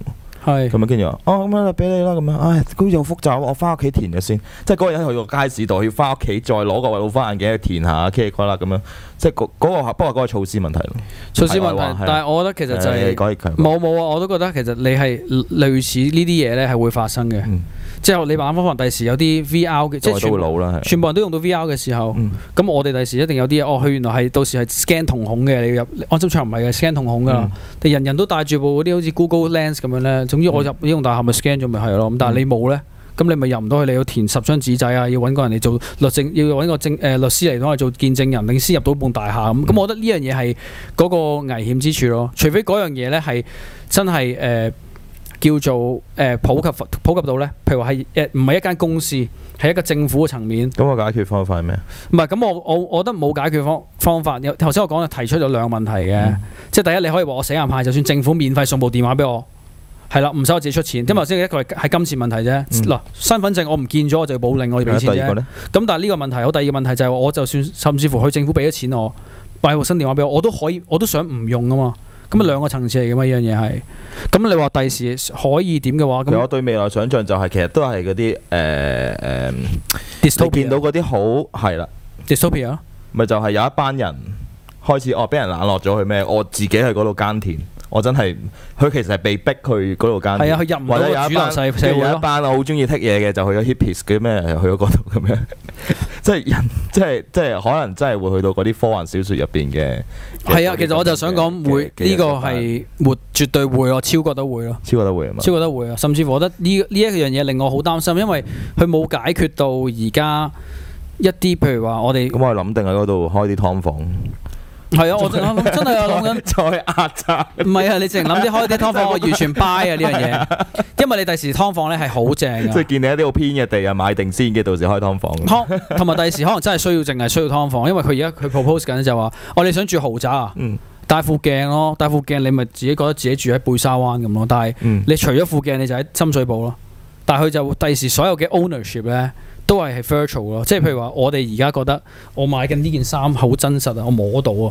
係，咁樣，跟住話，哦咁樣，俾你啦，咁、哎、樣，唉，佢又複雜，我翻屋企填嘅先，即係嗰日去個街市度，要翻屋企再攞個老花眼鏡去填下，care 啦，咁樣，即係嗰、那個那個，不過嗰個措施問題咯，措施問題，但係我覺得其實就係、是，冇冇啊，我都覺得其實你係類似呢啲嘢咧，係會發生嘅。嗯之後你話可能第時有啲 VR 嘅，即係全部人都用到 VR 嘅時候，咁、mm. 我哋第時一定有啲哦，佢原來係到時係 scan 瞳孔嘅，你入安心場唔係嘅 scan 瞳孔㗎、mm. 人人都戴住部嗰啲好似 Google Lens 咁樣呢。總之我入呢棟大廈咪 scan 咗咪係咯。咁但係你冇呢？咁你咪入唔到去，你要填十張紙仔啊，要揾個人嚟做律政，要揾個、呃、律師嚟攞嚟做見證人，律師入到半大廈咁。咁、mm. 我覺得呢樣嘢係嗰個危險之處咯，除非嗰樣嘢呢係真係誒。呃呃叫做誒普及普及到呢，譬如話係誒唔係一間公司，係一個政府嘅層面。咁個解決方法係咩？唔係咁，我我我覺得冇解決方方法。頭先我講提出咗兩個問題嘅，嗯、即係第一你可以話我死硬派，就算政府免費送部電話俾我，係啦，唔使我自己出錢。因為頭先一個係係金錢問題啫。嗱、嗯，身份證我唔見咗，我就要補領，我要俾錢啫。咁但係呢個問題好，第二個問題就係、是、我就算甚至乎去政府俾咗錢我，擺部新電話俾我，我都可以，我都想唔用啊嘛。咁啊，兩個層次嚟嘅嘛，依樣嘢係。咁你話第時可以點嘅話，其實我對未來想象，就係其實都係嗰啲誒誒，呃、stop 你見到嗰啲好係啦 dystopia 咪就係有一班人開始哦，俾人冷落咗去咩？我自己喺嗰度耕田。我真係，佢其實係被逼去嗰度間，係啊，或者有一班，有一班好中意剔嘢嘅，就去咗 hippies 嗰啲咩，去咗嗰度咁樣，即係人，即係即係可能真係會去到嗰啲科幻小説入邊嘅。係啊，其實我就想講會呢個係會絕對會咯，超過都會咯，超過都會啊，超過都會啊！甚至乎我覺得呢呢一樣嘢令我好擔心，因為佢冇解決到而家一啲譬如話我哋咁，我係諗定喺嗰度開啲湯房。係啊，我真真係諗緊再壓榨。唔係啊，你淨諗啲開啲劏房，我 完全 buy 啊呢樣嘢，因為你第時劏房咧係好正。即係見你喺啲好偏嘅地啊，買定先嘅，到時開劏房。同埋第時可能真係需要，淨係需要劏房，因為佢而家佢 propose 緊就話，我、哦、哋想住豪宅啊，帶、嗯、副鏡咯，帶副鏡你咪自己覺得自己住喺貝沙灣咁咯，但係你除咗副鏡，你就喺深水埗咯，但係佢就第時所有嘅 ownership 咧。都係係 virtual 咯，即係譬如話，我哋而家覺得我買緊呢件衫好真實啊，我摸到啊，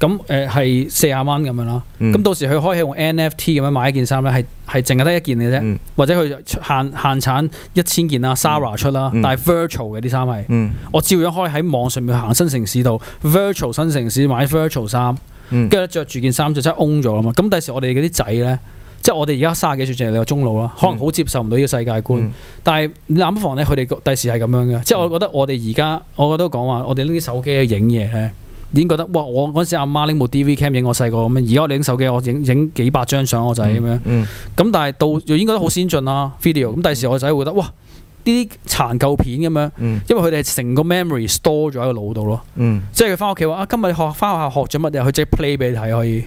咁誒係四廿蚊咁樣啦，咁到時佢可以用 NFT 咁樣買一件衫咧，係係淨係得一件嘅啫，或者佢限限產一千件啦 Zara 出啦，但係 virtual 嘅啲衫係，我照樣開喺網上面行新城市度，virtual 新城市買 virtual 衫，跟住咧著住件衫就真係 on 咗啊嘛，咁第時我哋嗰啲仔咧。即係我哋而家卅幾歲就係你話中老啦，可能好接受唔到呢個世界觀。嗯、但係諗唔妨咧，佢哋第時係咁樣嘅。即係我覺得我哋而家，我覺得講話我哋拎啲手機去影嘢咧，已經覺得哇！我嗰陣時阿媽拎部 DV cam 影我細個咁樣，而家我拎手機，我影影幾百張相我仔咁樣。咁、嗯嗯、但係到又應該都好先進啦、嗯啊、video。咁第時我仔會覺得哇！呢啲殘舊片咁樣，嗯、因為佢哋成個 memory store 咗喺個腦度咯，嗯、即係佢返屋企話啊，今日學返學校學咗乜嘢，佢即係 play 俾你睇可以。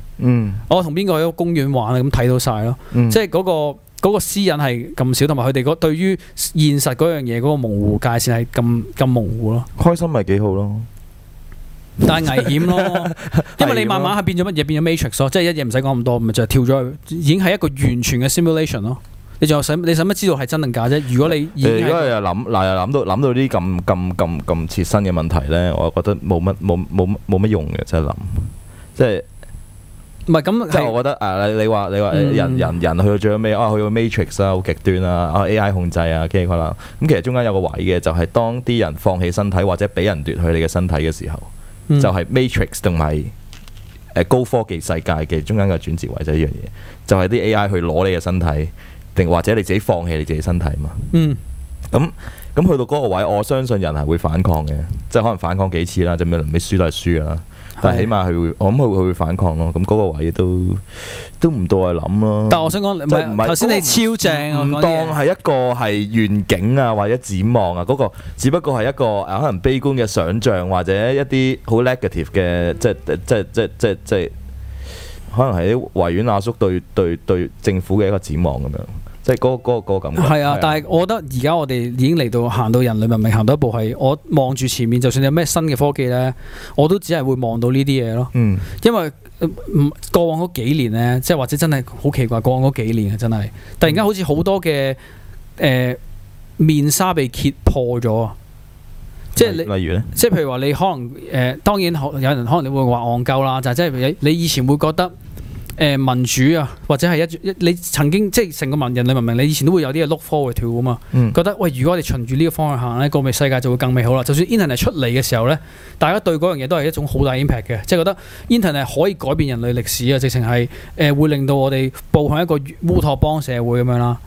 我同邊個喺個公園玩咁睇到晒咯，嗯、即係嗰個嗰個私隱係咁少，同埋佢哋嗰對於現實嗰樣嘢嗰個模糊界線係咁咁模糊咯。開心咪幾好咯，但係危險咯， 因為你慢慢係變咗乜嘢？變咗 matrix 咯，即係一嘢唔使講咁多，咪就係、係、跳咗，去，已經係一個完全嘅 simulation 咯。你仲有想你使乜知道係真定假啫？如果你如果你又諗嗱，又諗到諗到啲咁咁咁咁切身嘅問題咧，我覺得冇乜冇冇冇乜用嘅，即係諗，即係唔係咁？即係我覺得誒、啊，你你話你話人、嗯、人人去到最尾啊，去到 Matrix 啊，好極端啊，AI 控制啊，驚、okay，可能咁、嗯，其實中間有個位嘅，就係、是、當啲人放棄身體或者俾人奪去你嘅身體嘅時候，嗯、就係 Matrix 同埋誒高科技世界嘅中間嘅轉折位就係呢樣嘢，就係、是、啲、就是、AI 去攞你嘅身體。定或者你自己放棄你自己身體嘛？嗯，咁咁去到嗰個位，我相信人係會反抗嘅，即係可能反抗幾次啦，最尾臨尾輸都係輸啊！是的 但起碼佢會，我諗佢佢會反抗咯。咁嗰個位都都唔到去諗咯。但我想講，唔係頭先你超正啊！唔不當係一個係願景啊，或者展望啊，嗰、嗰個只不過係一個可能悲觀嘅想像或者一啲好 negative 嘅，即係即即即即。即即即即可能係啲維園阿叔對對對，對政府嘅一個展望咁樣，即係嗰、嗰個嗰、嗰個嗰、嗰個、感覺。係啊，係啊但係我覺得而家我哋已經嚟到行到人類文明行到一步，係我望住前面，就算有咩新嘅科技呢，我都只係會望到呢啲嘢咯。嗯。因為、呃、過往嗰幾年呢，即係或者真係好奇怪，過往嗰幾年啊，真係突然間好似好多嘅誒、呃、面紗被揭破咗。即係例如咧，即係譬如話你可能誒、呃，當然可有人可能你會話戇鳩啦，就係即係你以前會覺得誒、呃、民主啊，或者係一一你曾經即係成個人類文明，你明唔明？你以前都會有啲嘢 look forward to 啊嘛，嗯、覺得喂，如果我哋循住呢個方向行咧，個未來世界就會更美好啦。就算 Internet 出嚟嘅時候咧，大家對嗰樣嘢都係一種好大 impact 嘅，即係覺得 Internet 係可以改變人類歷史啊，直情係誒會令到我哋步向一個烏托邦社會咁樣啦。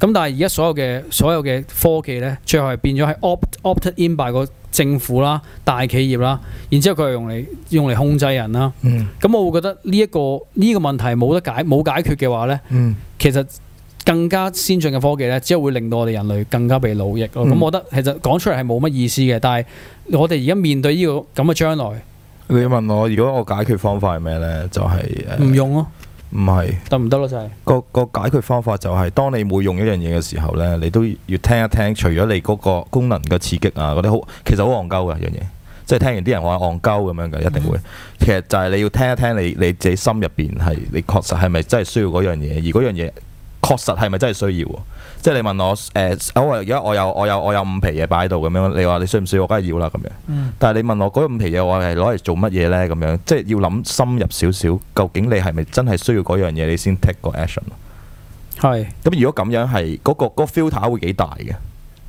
咁但係而家所有嘅所有嘅科技呢，最後係變咗係 opt opted in by 個政府啦、大企業啦，然之後佢係用嚟用嚟控制人啦。嗯。咁我會覺得呢、這、一個呢、這個問題冇得解冇解決嘅話呢，嗯、其實更加先進嘅科技咧，只會令到我哋人類更加被奴役咯。咁、嗯、我覺得其實講出嚟係冇乜意思嘅，但係我哋而家面對呢、這個咁嘅將來。你問我如果我解決方法係咩呢？就係、是、唔、呃、用咯、啊。唔係得唔得咯？就係個個解決方法就係，當你每用一樣嘢嘅時候呢，你都要聽一聽。除咗你嗰個功能嘅刺激啊，嗰啲好其實好戇鳩嘅樣嘢，即係聽完啲人話戇鳩咁樣嘅，一定會。其實就係你要聽一聽你你自己心入邊係你確實係咪真係需要嗰樣嘢，而嗰樣嘢確實係咪真係需要。即係你問我誒、呃，我而家我有我有我有五皮嘢擺喺度咁樣，你話你需唔需要？我梗係要啦咁樣。嗯、但係你問我嗰五皮嘢，我係攞嚟做乜嘢咧？咁樣即係要諗深入少少，究竟你係咪真係需要嗰樣嘢？你先 take 個 action 咯。係。咁如果咁樣係嗰個嗰個 filter 會幾大嘅？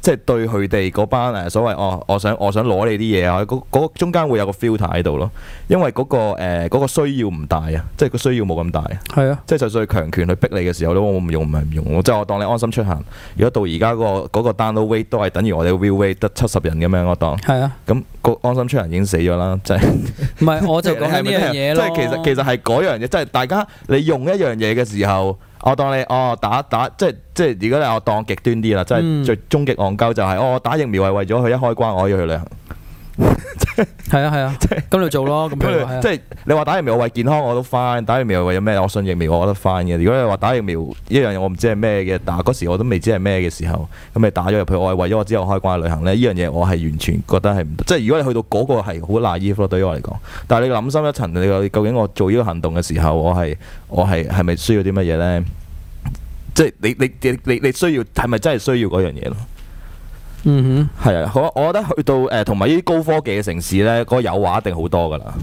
即係對佢哋嗰班啊，所謂哦，我想我想攞你啲嘢啊，嗰、嗰、嗰、個嗰個、中間會有個 filter 喺度咯，因為嗰、嗰個誒需要唔大啊，即、呃、係、嗰個需要冇咁大。係啊，即係就算佢強權去逼你嘅時候，都我唔用唔係唔用，即係我當你安心出行。如果到而家、嗰個嗰、嗰個 download rate 都係等於我哋 view rate 得七十人咁樣，我當係啊。咁個安心出行已經死咗啦，即係唔係？我就講係咩嘢咯，即係其實其實係嗰樣嘢，即係大家你用一樣嘢嘅時候。我當你哦打打即係即係，如果你我當極端啲啦，嗯、即係最終極戇鳩就係、是哦、我打疫苗係為咗佢一開關，我可以去旅行。係啊，係啊，即係咁嚟做咯。咁即係你話打疫苗，我為健康我都翻；打疫苗為咗咩？我信疫苗，我都翻嘅。如果你話打疫苗呢樣嘢，我唔知係咩嘅。但嗰時我都未知係咩嘅時候，咁你打咗入去。我係為咗我之後開關去旅行呢。呢樣嘢我係完全覺得係唔即係。如果你去到嗰個係好難 if 咯，對於我嚟講。但係你諗深一層，你究竟我做呢個行動嘅時候，我係我係係咪需要啲乜嘢呢？即係你你你你需要係咪真係需要嗰樣嘢咯？嗯哼，係啊，我我覺得去到誒同埋呢啲高科技嘅城市咧，嗰個誘惑一定好多㗎啦。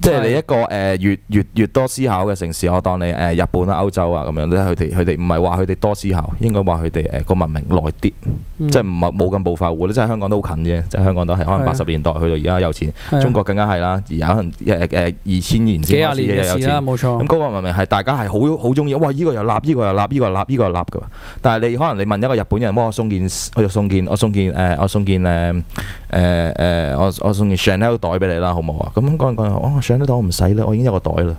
即係你一個誒、呃、越越越多思考嘅城市，我當你誒、呃、日本啊、歐洲啊咁樣咧，佢哋佢哋唔係話佢哋多思考，應該話佢哋誒個文明耐啲、嗯，即係唔係冇咁暴發戶。真係香港都好近啫，即係香港都係可能八十年代去到而家有錢，嗯、中國更加係啦。而家可能誒二千年有錢幾年嘅事啦，咁嗰、啊、個文明係大家係好好中意，哇！呢、呢個又立，呢、呢個又立，呢、呢個又立，呢、呢個又立㗎。但係你可能你問一個日本人，我送件佢送件，我送件誒，我送件誒。呃我誒誒、呃呃，我我送件袋你好好、嗯講講哦、Chanel 袋俾你啦，好唔好啊？咁講個，哦，Chanel 袋我唔使啦，我已經有個袋啦。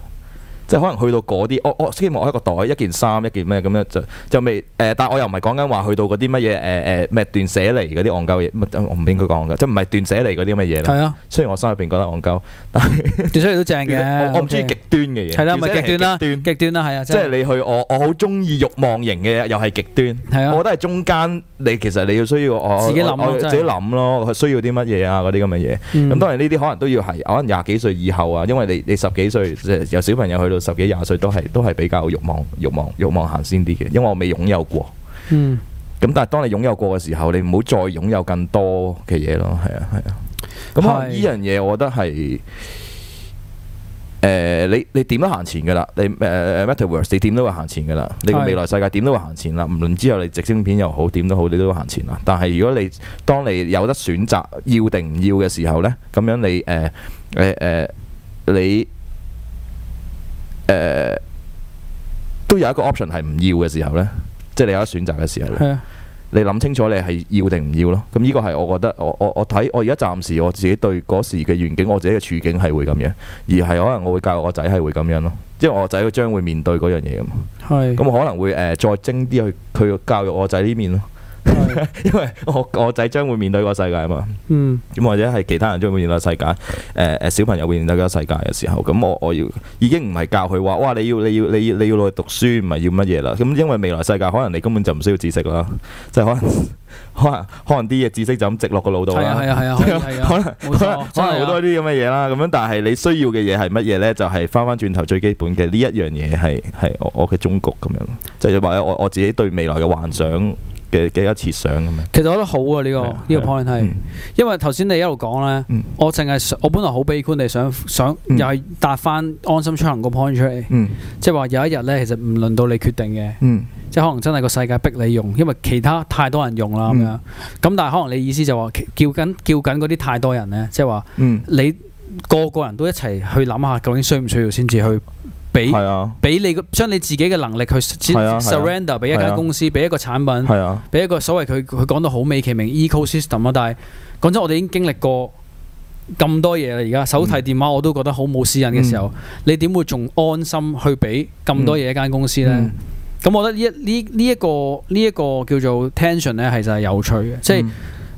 即係可能去到嗰啲，我我希望我一個袋一件衫一件咩咁樣就就未誒，但我又唔係講緊話去到嗰啲乜嘢誒誒咩斷捨離嗰啲戇鳩嘢，我唔應該講㗎，即係唔係斷捨離嗰啲咁嘅嘢咯。係啊，雖然我心入邊覺得戇鳩，但斷捨離都正嘅。我我唔中意極端嘅嘢。係啦，咪極端啦，極端啦，係啊。即係你去我我好中意慾望型嘅，又係極端。係啊，我覺得係中間。你其實你要需要我自己諗咯，自己諗咯，係需要啲乜嘢啊嗰啲咁嘅嘢。咁當然呢啲可能都要係可能廿幾歲以後啊，因為你你十幾歲由小朋友去到。十幾廿歲都係都係比較慾望慾望慾望行先啲嘅，因為我未擁有過。嗯。咁但係當你擁有過嘅時候，你唔好再擁有更多嘅嘢咯。係啊，係啊。咁呢依樣嘢我覺得係誒是、呃、你你點都行前噶啦，你誒、呃、Metaverse 你點都會行前噶啦。你未來世界點都會行前啦，唔是論之後你直升片又好點都好，你都行前啦。但係如果你當你有得選擇要定唔要嘅時候咧，咁樣你誒誒誒你。呃你誒、呃，都有一個 option 係唔要嘅時候呢，即係你有得選擇嘅時候，是的 你諗清楚你係要定唔要咯？咁、嗯、呢個係我覺得，我我我睇我而家暫時我自己對嗰時嘅願景、我自己嘅處境係會咁樣，而係可能我會教育我仔係會咁樣咯，即係我仔將會面對嗰樣嘢啊嘛。咁是的、嗯嗯、可能會誒、呃、再精啲去去教育我仔呢面咯。 因為我我仔將會面對個世界啊嘛，嗯，咁或者係其他人將會面對世界，誒，呃，誒，小朋友會面對個世界嘅時候，咁我我要已經唔係教佢話，哇，你要你要你要你要落去讀書，唔係要乜嘢啦。咁因為未來世界可能你根本就唔需要知識啦，即係可能可能可能啲嘢知識就咁直落個腦度啦，係啊係啊，可能可能可能好多啲咁嘅嘢啦。咁樣但係你需要嘅嘢係乜嘢咧？就係翻翻轉頭最基本嘅呢一樣嘢係係我我嘅終局咁樣，就或者我我自己對未來嘅幻想。嘅幾多次上咁樣？其實我覺得好、這個、啊，呢個呢個 point 係、啊，啊、因為頭先你一路講咧，嗯、我淨係想我本來好悲觀，你想想又係搭返安心出行個 point 出嚟，嗯、即係話有一日咧，其實唔輪到你決定嘅，嗯、即係可能真係個世界逼你用，因為其他太多人用啦咁樣。咁、嗯啊、但係可能你意思就話叫緊叫緊嗰啲太多人咧，即係話、嗯、你個個人都一齊去諗下，究竟需唔需要先至去？俾，俾你嘅將你自己嘅能力去 surrender 俾一間公司，俾一個產品，俾一個所謂佢佢講到好美其名 ecosystem 啊！但係講真，我哋已經經歷過咁多嘢啦，而家手提電話我都覺得好冇私隱嘅時候，你點會仲安心去俾咁多嘢一間公司呢？咁我覺得呢一呢呢一個呢一個叫做 tension 咧，係就係有趣嘅，即係。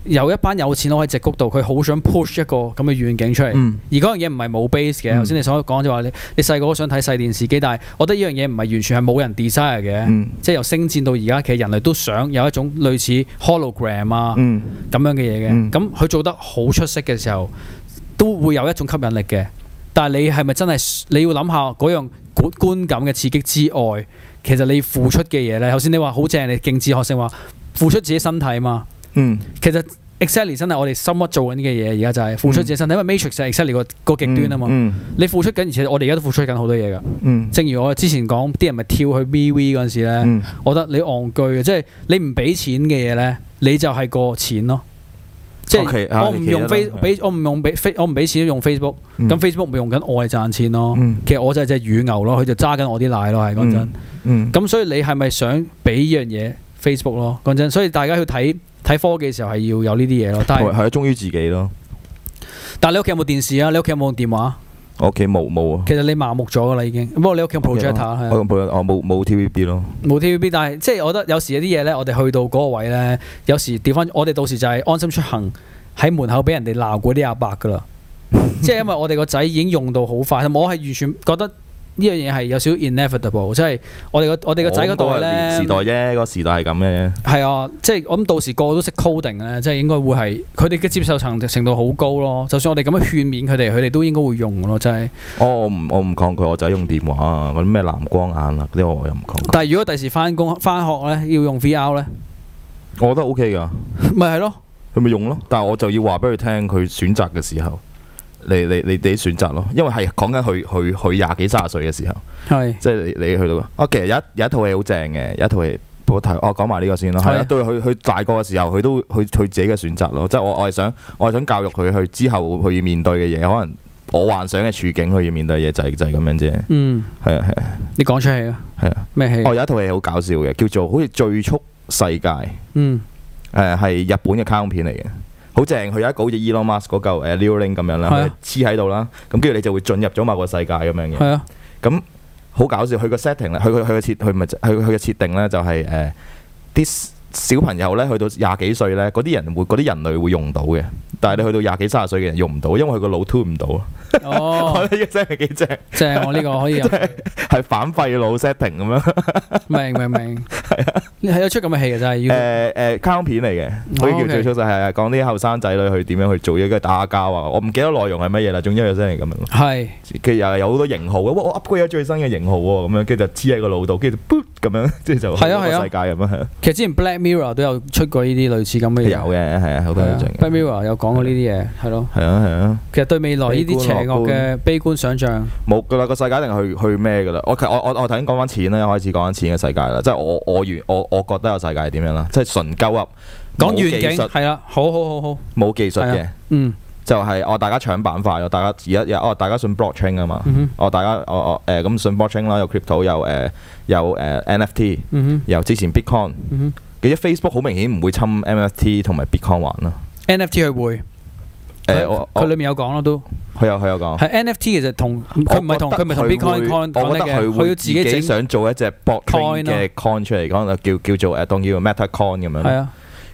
有一班有錢佬喺矽谷度，佢好想 push 一個咁嘅遠景出嚟。嗯、而嗰樣嘢唔係冇 base 嘅。頭先、嗯、你所講就話你細個想睇細電視機，但係我覺得呢樣嘢唔係完全係冇人 desire 嘅，嗯、即係由星戰到而家，其實人類都想有一種類似 hologram 啊咁、嗯、樣嘅嘢嘅。咁佢、嗯嗯、做得好出色嘅時候，都會有一種吸引力嘅。但係你係咪真係你要諗下嗰樣觀感嘅刺激之外，其實你付出嘅嘢咧？頭先你話好正，你競技學性話付出自己身體嘛？其實 e x c e l l i 真係我哋心屈做緊嘅嘢，而家就係付出自身。你因為 matrix 係 e x c e l l i 個極端啊嘛，你付出緊，而且我哋而家都付出緊好多嘢噶。正如我之前講，啲人咪跳去 BV 嗰陣時咧，我覺得你戇居嘅，即係你唔俾錢嘅嘢咧，你就係個錢咯。即係我唔用飛，俾我唔用俾飛，我唔俾錢都用 Facebook。咁 Facebook 咪用緊我嚟賺錢咯。其實我就係隻乳牛咯，佢就揸緊我啲奶咯，係講真。咁所以你係咪想俾呢樣嘢 Facebook 咯？講真，所以大家去睇。睇科技嘅時候係要有呢啲嘢咯，但係係忠於自己咯。但係你屋企有冇電視啊？你屋企有冇用電話？我屋企冇冇啊。其實你麻木咗噶啦已經。不過你屋企用 projector 係、okay、啊？我用 projector，我冇冇 TVB 咯。冇 TVB，但係即係我覺得有時有啲嘢咧，我哋去到嗰個位咧，有時調翻。我哋到時就係安心出行喺門口俾人哋鬧嗰啲阿伯噶啦。 即係因為我哋個仔已經用到好快，我係完全覺得。呢樣嘢係有少 inevitable，即係我哋個我哋個仔嗰代咧，時代啫，個時代係咁嘅。係啊，即係我諗到時個個都識 coding 咧，即係應該會係佢哋嘅接受層程度好高咯。就算我哋咁樣勸勉佢哋，佢哋都應該會用咯，真係。我我唔我唔抗拒，我仔用電話嗰啲咩藍光眼啊嗰啲，我又唔抗拒。但係如果第時翻工翻學咧要用 VR 咧，我覺得 OK 噶。咪係咯，佢咪用咯。但係我就要話俾佢聽，佢選擇嘅時候。你你你啲選擇咯，因為係講緊佢佢佢廿幾卅歲嘅時候，是即係你，你去到、那個，啊其實有一有一套戲好正嘅，有一套戲我講埋呢個先咯，係啦是，對佢佢大個嘅時候，佢都佢佢自己嘅選擇咯，即係我我係想我係想教育佢去之後去面對嘅嘢，可能我幻想嘅處境佢要面對嘅嘢就係、是、就係、是、咁樣啫。嗯，係啊係啊，你講出戲啊，係啊，咩戲、啊？哦有一套戲好搞笑嘅，叫做好似《最速世界》，嗯，誒係日本嘅卡通片嚟嘅。好正，佢有一個好似 Elon Musk 嗰嚿誒 Neuralink 咁樣啦，黐喺度啦，咁跟住你就會進入咗某個世界咁樣嘅。係啊，咁好搞笑，佢個 setting 咧，佢佢佢個設佢咪佢佢嘅設定咧就係誒啲小朋友咧去到廿幾歲咧，嗰啲人會嗰啲人類會用到嘅。但係你去到廿幾三十歲嘅人用唔到，因為佢個腦 too 唔到咯。哦，呢個真係幾正，正我呢個可以入。係反廢腦 setting 咁樣。明明明，係啊，係有出咁嘅戲嘅真係。誒誒卡通片嚟嘅，可以叫最出世係啊，講啲後生仔女去點樣去做嘢，跟打交啊。我唔記得內容係乜嘢啦，總之係真係咁樣咯。係，其實有好多型號嘅，哇！我 upgrade 咗最新嘅型號喎，咁樣跟住就黐喺個腦度，跟住咁樣，即係就係啊世界咁啊。其實之前 Black Mirror 都有出過呢啲類似咁嘅。有嘅係啊，好多嘢整。Black Mirror 有講。講過呢啲嘢係咯，係啊係啊。其實對未來呢啲邪惡嘅悲觀想像冇噶啦，個世界一定去去咩噶啦。我我我我頭先講翻錢啦，開始講翻錢嘅世界啦，即係我我完我我覺得個世界係點樣啦，即係純鳩噏講完技術係啦，好好好好冇技術嘅，嗯，就係哦大家搶板塊，大家而家哦大家信 blockchain 啊嘛，哦大家哦哦誒咁信 blockchain 啦，有 crypto 有誒有誒 NFT，嗯之前 Bitcoin，嗯哼，其實 Facebook 好明顯唔會侵 NFT 同埋 Bitcoin 環啦。NFT 佢會，誒、欸、我佢裏面有講咯都，佢有佢有講。係 NFT 其實同佢唔係同佢唔係同 Bitcoin Coin 講嘅，佢要，要自己想做一隻 Blockchain 嘅 Coin 出嚟講，叫叫做誒當叫 Meta Coin 咁樣。係啊。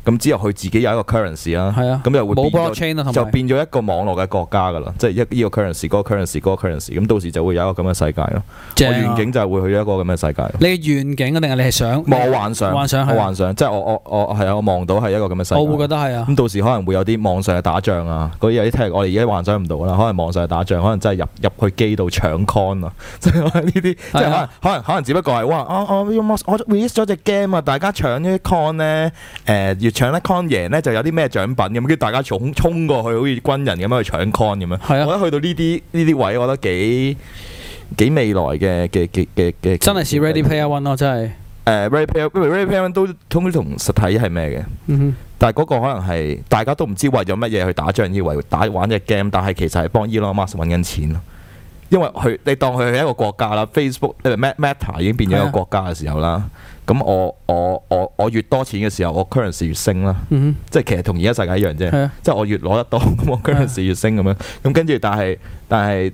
咁之後佢自己有一個 currency 啦，咁又會變咗，就變咗一個網絡嘅國家噶啦，即係一呢個 currency，嗰個 currency，嗰個 currency，咁到時就會有一個咁嘅世界咯。即係願景就係會去一個咁嘅世界。你嘅願景啊，定係你係想？冇幻想，幻想幻想即係我我我係啊！我望到係一個咁嘅世界。我會覺得係啊。咁到時可能會有啲網上嘅打仗啊，嗰啲有啲譬如我哋而家幻想唔到啦，可能網上嘅打仗，可能真係入入去機度搶 con 啊，即係呢啲，即係可能可能可能只不過係哇，我我我 release 咗隻 game 啊，大家搶啲 con 咧誒搶得 coin 贏咧，就有啲咩獎品咁，跟住大家衝衝過去，好似軍人咁樣去搶 coin 咁樣。係啊！我覺得去到呢啲呢啲位，我覺得幾幾未來嘅嘅嘅嘅嘅。真係似 Ready Player One 咯、哦，真係。誒、呃、Ready Player，Ready Player One 都通通同實體係咩嘅？嗯、哼但係嗰個可能係大家都唔知為咗乜嘢去打仗，以為打玩隻 game，但係其實係幫 Elon Musk 揾緊錢，因為佢你當佢係一個國家啦，Facebook 誒 Meta 已經變咗一個國家嘅時候啦。咁我我我我越多錢嘅時候，我 currency 越升啦。嗯、哼即係其實同而家世界一樣啫。啊、即係我越攞得多，咁我 currency 越升咁樣。咁跟住，但係但係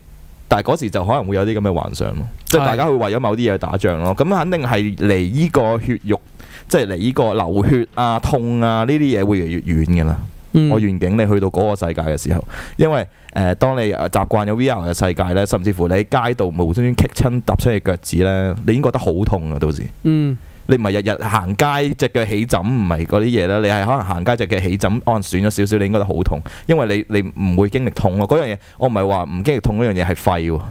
但係嗰時就可能會有啲咁嘅幻想咯。啊、即係大家會為咗某啲嘢打仗咯。咁肯定係離呢個血肉，即係離呢個流血啊痛啊呢啲嘢越嚟越遠嘅啦。嗯、我願景你去到嗰個世界嘅時候，因為誒、呃、當你誒習慣咗 VR 嘅世界咧，甚至乎你喺街度無端端棘親揼出隻腳趾咧，你已經覺得好痛啊！到時嗯。你唔係日日行街隻腳起枕，唔係嗰啲嘢啦。你係可能行街隻腳起枕，可能損咗少少，你應該都好痛，因為你你唔會經歷痛喎。嗰樣嘢我唔係話唔經歷痛嗰樣嘢係廢喎，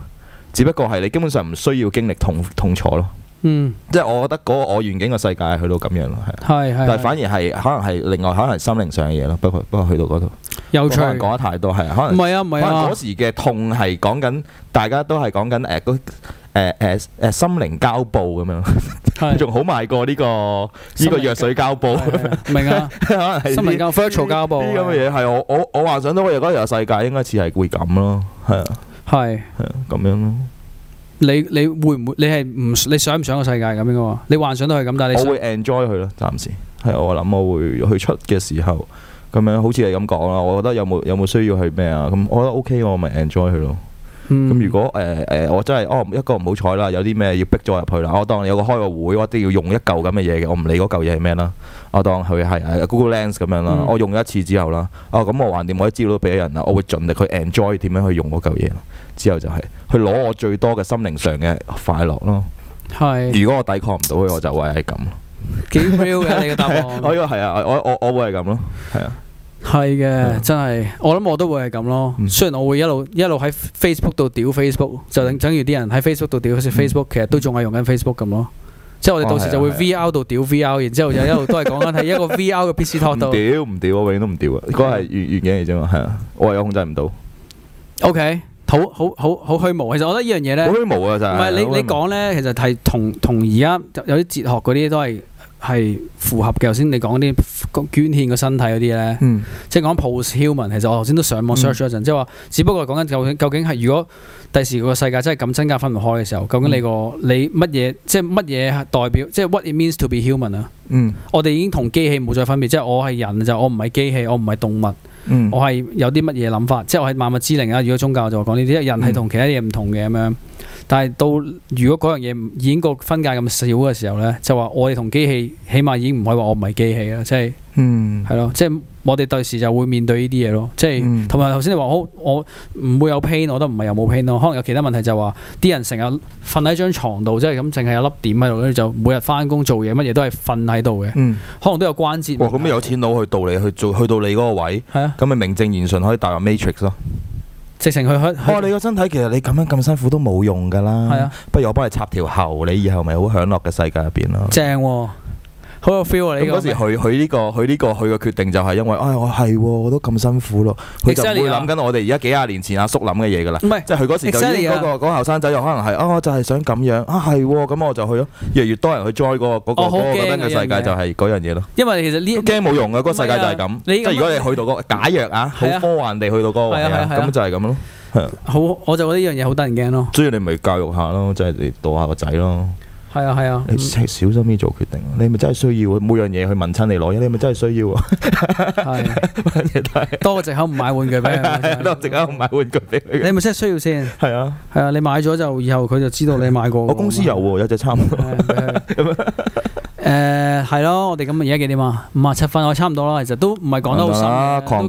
只不過係你基本上唔需要經歷痛痛楚咯。嗯，即係我覺得嗰個我願景嘅世界去到咁樣咯，係是但係反而係可能係另外可能係心靈上嘅嘢咯。不過不過去到嗰度有長講得太多係，可能唔係啊唔係啊，嗰、啊、時嘅痛係講緊大家都係講緊誒、哎誒誒誒心靈膠布咁樣，仲好賣過呢個呢個藥水膠布，明啊？心靈膠布 virtual 膠布，呢啲咁嘅嘢係我我我幻想到我而家日世界應該似係會咁咯，係啊，係，係啊，咁樣咯。你你會唔會？你係唔你想唔想個世界咁樣啊？你幻想到係咁，但係你會 enjoy 佢咯。暫時係我諗我會去出嘅時候，咁樣好似係咁講啦。我覺得有冇有冇需要去咩啊？咁我覺得 OK，我咪 enjoy 佢咯。咁、嗯、如果誒誒、呃呃、我真係哦一個唔好彩啦，有啲咩要逼咗入去啦，我當有個開個會，我都要用一嚿咁嘅嘢嘅，我唔理嗰嚿嘢係咩啦，我當佢係、啊、Google Lens 咁樣啦，嗯、我用一次之後啦，啊、哦、咁我橫掂我啲資料都俾咗人啦，我會盡力去 enjoy 點樣去用嗰嚿嘢，之後就係去攞我最多嘅心靈上嘅快樂咯。是如果我抵抗唔到，我就會係咁。幾 real 嘅你嘅答案。我係啊，我我我會係咁咯，係啊。係嘅，真係，我諗我都會係咁咯。雖然我會一路一路喺 Facebook 度屌 Facebook，就等等於啲人喺 Facebook 度屌好似 Facebook，其實都仲係用緊 Facebook 咁咯。即係我哋到時就會 VR 度屌 VR，然之後就一路都係講緊喺一個 VR 嘅 PC Talk 度。屌唔屌啊，永遠都唔屌啊，嗰係原原嘢嚟啫嘛，係啊，我係控制唔到。OK，好好好好虛無，其實我覺得依樣嘢咧，好虛無啊，就係唔係你你講咧，其實係同同而家有啲哲學嗰啲都係係符合嘅。頭先你講嗰啲。捐獻個身體嗰啲咧，嗯、即係講 post human，其實我頭先都上網 search 咗一陣，即係話，只不過講緊究竟究竟係如果第時個世界真係咁真假分唔開嘅時候，究竟你個你乜嘢即係乜嘢代表，即係 what it means to be human 啊？嗯、我哋已經同機器冇再分別，即係我係人就我唔係機器，我唔係動物，嗯、我係有啲乜嘢諗法，即係我係萬物之靈啊！如果宗教就講呢啲，人係同其他嘢唔同嘅咁樣。嗯嗯。但係到如果嗰樣嘢已經個分界咁少嘅時候呢，就話我哋同機器起碼已經唔可以話我唔係機器啦，即係，嗯，係咯，即係我哋第時就會面對呢啲嘢咯，即係，同埋頭先你話好，我唔會有 pain，我都唔係有冇 pain 咯，可能有其他問題就話啲人成日瞓喺張床度，即係咁，淨係有粒點喺度，跟住就每日翻工做嘢乜嘢都係瞓喺度嘅，嗯、可能都有關節、哦，哇，咁有錢佬去到你去去到你嗰個位，咁咪的名正言順可以踏入 Matrix 咯。直情佢去，去，哇、哦！你個身體其實你咁樣咁辛苦都冇用㗎啦，係啊，不如我幫你插條喉，你以後咪好享樂嘅世界入邊咯。正、哦。好有 feel 啊！你嗰時佢佢呢個佢呢個佢嘅決定就係因為，唉，我係我都咁辛苦咯，佢就唔會諗緊我哋而家幾廿年前阿叔諗嘅嘢噶啦，即係佢嗰時就依個嗰個後生仔又可能係啊，我就係想咁樣啊，係咁我就去咯，越嚟越多人去栽個嗰個嗰個嗰單嘅世界就係嗰樣嘢咯。因為其實呢驚冇用嘅嗰世界就係咁，即係如果你去到個假藥啊，好科幻地去到嗰個嘢咁就係咁咯。好，我就覺得呢樣嘢好得人驚咯。所以你咪教育下咯，即係你導下個仔咯。係啊係啊，你小心啲做決定。你咪真係需要每樣嘢去問親你攞，你咪真係需要啊。多個藉口唔買玩具咩？多個藉口唔買玩具俾你。你咪真係需要先。係啊，係啊，你買咗就以後佢就知道你買過。我公司有喎，有隻差唔多。誒，係咯，我哋咁而家幾點啊？五啊七分，我差唔多啦。其實都唔係講得好深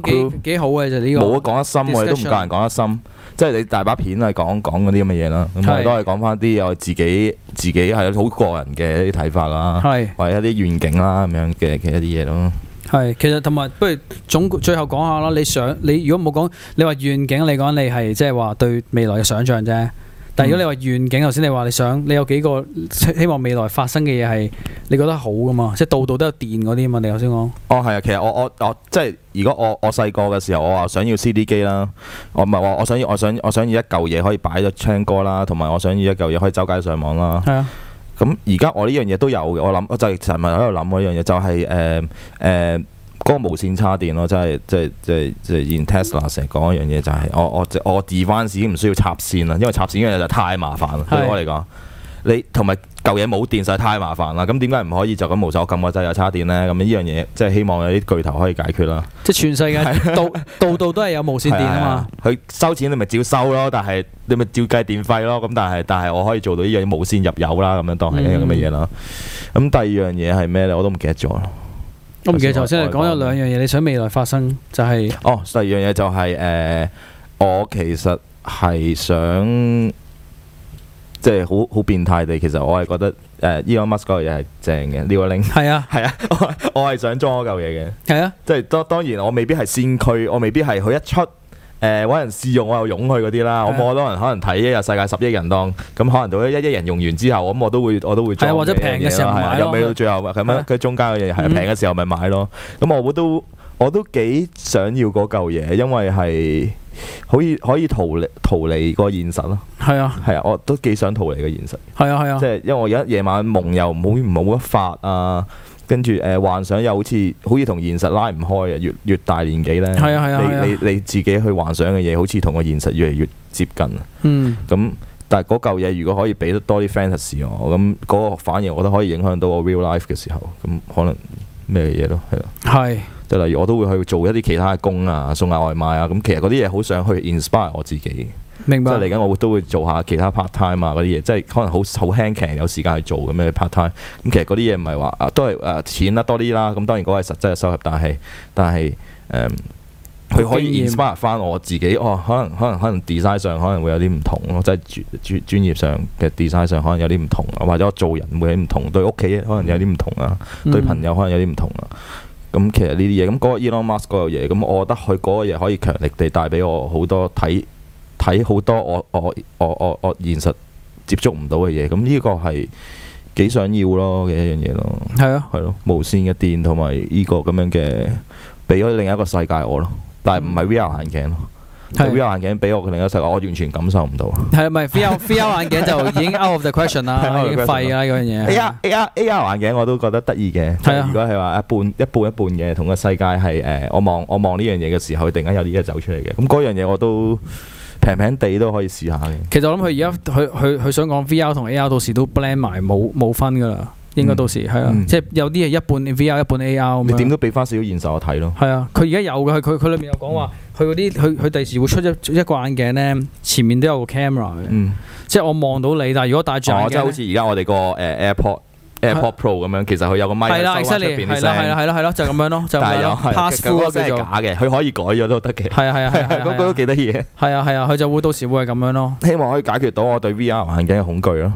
嘅，幾好嘅就呢個。冇講得深，我哋都唔教人講得深。即係你大把片係，講講嗰啲咁嘅嘢啦，咁都係講返啲我自己自己係好個人嘅一啲睇法啦，是或者一啲願景啦咁樣嘅其一啲嘢咯。係，其實同埋不如總最後講下啦。你想你如果冇講，你話願景，你講你係即係話對未來嘅想像啫。但如果你話願景，頭先你話你想你有幾個希望未來發生嘅嘢係你覺得好㗎嘛？即係度度都有電嗰啲啊嘛？你頭先講。哦係啊，其實我我我即係如果我我細個嘅時候，我話想要 CD 機啦，我唔係我我，我想要我想我想要一嚿嘢可以擺咗唱歌啦，同埋我想要一嚿嘢可以周街上網啦。係啊。咁而家我呢樣嘢都有嘅，我諗我就係成日喺度諗嗰樣嘢，就係誒誒。嗰個無線插電咯，真係即係即係即係，而 Tesla 成日講一樣嘢就係、是，我我我自翻時已經唔需要插線啦，因為插線嘅嘢就太麻煩啦。是對我嚟講，你同埋舊嘢冇電實太麻煩啦。咁點解唔可以就咁無線我撳個掣有插電呢？咁依樣嘢即係希望有啲巨頭可以解決啦。即係全世界度度 都係有無線電啊嘛。佢、 啊、收錢你咪照收咯，但係你咪照計電費咯。咁但係但係我可以做到依樣無線入油啦。咁樣當係一樣咁嘅嘢啦。咁、嗯、第二樣嘢係咩咧？我都唔記得咗。唔記得，頭先，講咗我兩樣嘢，我你想未來發生就係、是、哦，第二樣嘢就係、是、誒、呃，我其實係想即係好好變態地，其實我係覺得誒、呃、Elon Musk 嗰嚿嘢係正嘅，呢個 link 係啊係啊，我我係想裝嗰嚿嘢嘅，係啊，即係當當然我未必係先驅，我未必係佢一出。誒揾、呃、人試用我又用佢嗰啲啦，咁是的 我多人可能睇一日世界十億人當，咁可能到一億人用完之後，咁我都會我都會再的或者平嘅時候買，又未到最後咁是的 樣，佢是的 中間嘅嘢係平嘅時候咪買咯。咁我會都我都幾想要嗰嚿嘢，因為係可以可以逃離逃離個現實咯。係啊係啊，我都幾想逃離個現實。係啊係啊，即係因為我而家夜晚夢又唔好，唔好得發啊。跟住誒、呃、幻想又好似好似同現實拉唔開啊！越越大年紀呢， 你你，你自己去幻想嘅嘢，好似同個現實越嚟越接近。嗯，咁、嗯、但係嗰嚿嘢如果可以俾得多啲 fantasy 我，咁嗰個反而我覺得可以影響到我 real life 嘅時候，咁可能咩嘢咯，係咯，係是，即例如我都會去做一啲其他工啊，送下外賣啊，咁、嗯、其實嗰啲嘢好想去 inspire 我自己。明白，即係嚟緊，我會都會做下其他 part time 啊，嗰啲嘢，即係可能好好輕騎有時間去做咁嘅 part time。咁其實嗰啲嘢唔係話啊，都係誒錢得多啲啦。咁當然嗰個係實際嘅收入，但係但係誒，佢、嗯、可以 inspire 返我自己。哦，可能可能可能 design 上可能會有啲唔同咯，即係專專專業上嘅 design 上可能有啲唔同，啊，或者我做人會喺唔同對屋企可能有啲唔同啊，對朋友可能有啲唔同啊。咁、嗯、其實呢啲嘢咁嗰個 Elon Musk 嗰樣嘢，咁我覺得佢嗰個嘢可以強力地帶俾我好多睇，睇好多我我我我我現實接觸唔到嘅嘢，咁呢個係幾想要咯嘅一樣嘢咯。係是啊，係咯，無線嘅電同埋呢個咁樣嘅俾咗另一個世界我咯，但係唔係 VR 眼鏡咯？係是、啊、VR 眼鏡俾我嘅另一個世界，我完全感受唔到、啊。係咪？VR VR 眼鏡就已經 out of the question 啦， 已經廢啦嗰、啊、樣嘢。A R A R 眼鏡我都覺得得意嘅，即係是、啊、如果係話一,一半一半一半嘅同個世界係誒、呃，我望我望呢樣嘢嘅時候，佢突然間有啲嘢走出嚟嘅，咁嗰樣嘢我都。平平地都可以試下嘅。其實我諗佢而家佢佢佢想講 VR 同 AR 到時都 blend 埋冇冇分㗎喇，應該到時係、嗯、啊，即係有啲嘢一半 VR 一半 AR。你點都俾翻少少現實我睇咯。係、嗯、啊，佢而家有嘅，佢佢佢裏面有講話，佢嗰啲佢佢第時會出一一個眼鏡咧，前面都有個 camera 嘅，嗯、即係我望到你，但係如果戴住眼鏡、哦，即係好似而家我哋個誒 AirPod AirPod Pro 咁樣，其實佢有個咪，喺係啦，係啦，係啦，係啦，就咁樣咯。就係有 pass through 假嘅，佢可以改咗都得嘅。係啊係啊，佢佢都幾得意嘅。係啊係啊，佢就會到時會係咁樣咯。希望可以解決到我對 VR 環境嘅恐懼咯。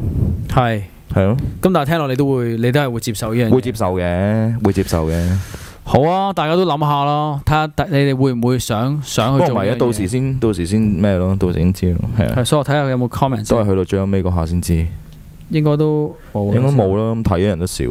係。係咯。咁但係聽落你都會，你都係會接受呢樣嘢。會接受嘅，會接受嘅。好啊，大家都諗下咯，睇下你哋會唔會想上去做。唔係到時先，到時先咩咯？到時先知咯。係，所以我睇下有冇 comment。都係去到最後尾嗰下先知。應該都應該冇啦，咁睇嘅人都少。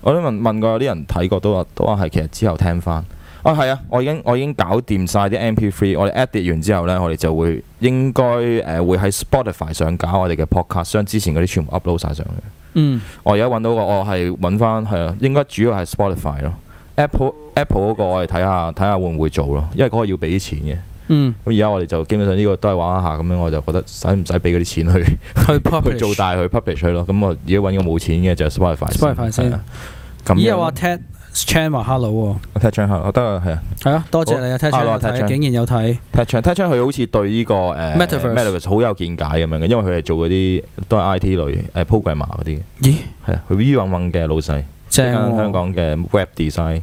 我都問問過有啲人睇過都話都話係。其實之後聽翻。啊，係啊，我已經我已經搞掂晒啲 MP3，我哋 edit 完之後呢，我哋就會應該誒、呃、會喺 Spotify 上搞我哋嘅 Podcast，將之前嗰啲全部 upload 晒上去。嗯。我而家揾到個，我係揾翻係啊，應該主要係 Spotify 咯。Apple Apple 嗰個我哋睇下睇下會唔會做咯，因為嗰個要俾錢嘅。嗯，咁而家我哋就基本上呢個都係玩一下咁樣，我就覺得使唔使俾嗰啲錢去去去做大去 publish 去咯？咁我而家揾我冇錢嘅就 Spotify Spotify 先。咦？又話 Ted Chan 話 hello 喎。Ted Chan hello，得啊，係啊。係啊，多謝你啊！Ted Chan 竟然有睇。Ted Chan，Ted Chan 佢好似對呢個誒 metaverse 好有見解咁樣嘅，因為佢係做嗰啲都係 IT 類誒 program 嗰啲。咦？係啊，佢 U 揾揾嘅老細，即係一間香港嘅 web design。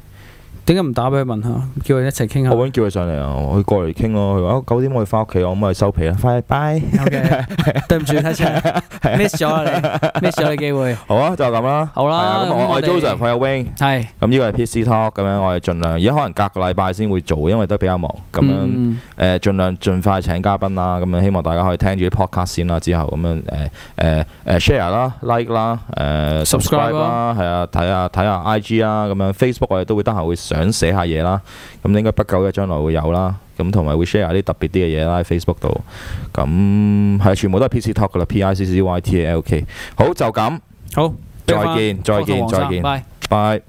點解唔打俾佢問下，叫佢一齊傾下。我搵叫佢上嚟啊，佢過嚟傾咯。佢話九點我翻屋企，我咁咪收皮啦。拜拜，OK。對唔住，睇錯，miss 咗你，miss 咗你機會。好啊，就咁啦。好啦，我係 Joe Sir，佢係 Wing。係。咁呢個係 PC Talk 咁樣，我哋盡量而家可能隔個禮拜先會做，因為都比較忙。咁樣誒，盡量盡快請嘉賓啦。咁樣希望大家可以聽住啲 podcast 先啦，之後咁樣誒誒誒 share 啦，like 啦，誒 subscribe 啦，係啊，睇下睇下 IG 啦。咁樣 Facebook 我哋都會得閒會上。想寫下嘢啦，咁應該不久嘅將來會有啦，咁同埋會 share 啲特別啲嘅嘢啦。喺 Facebook 度，咁係全部都係 PCTalk 噶啦，P I C C Y T A L K。好就咁，好，好再見，下再見，再見，拜拜 Bye。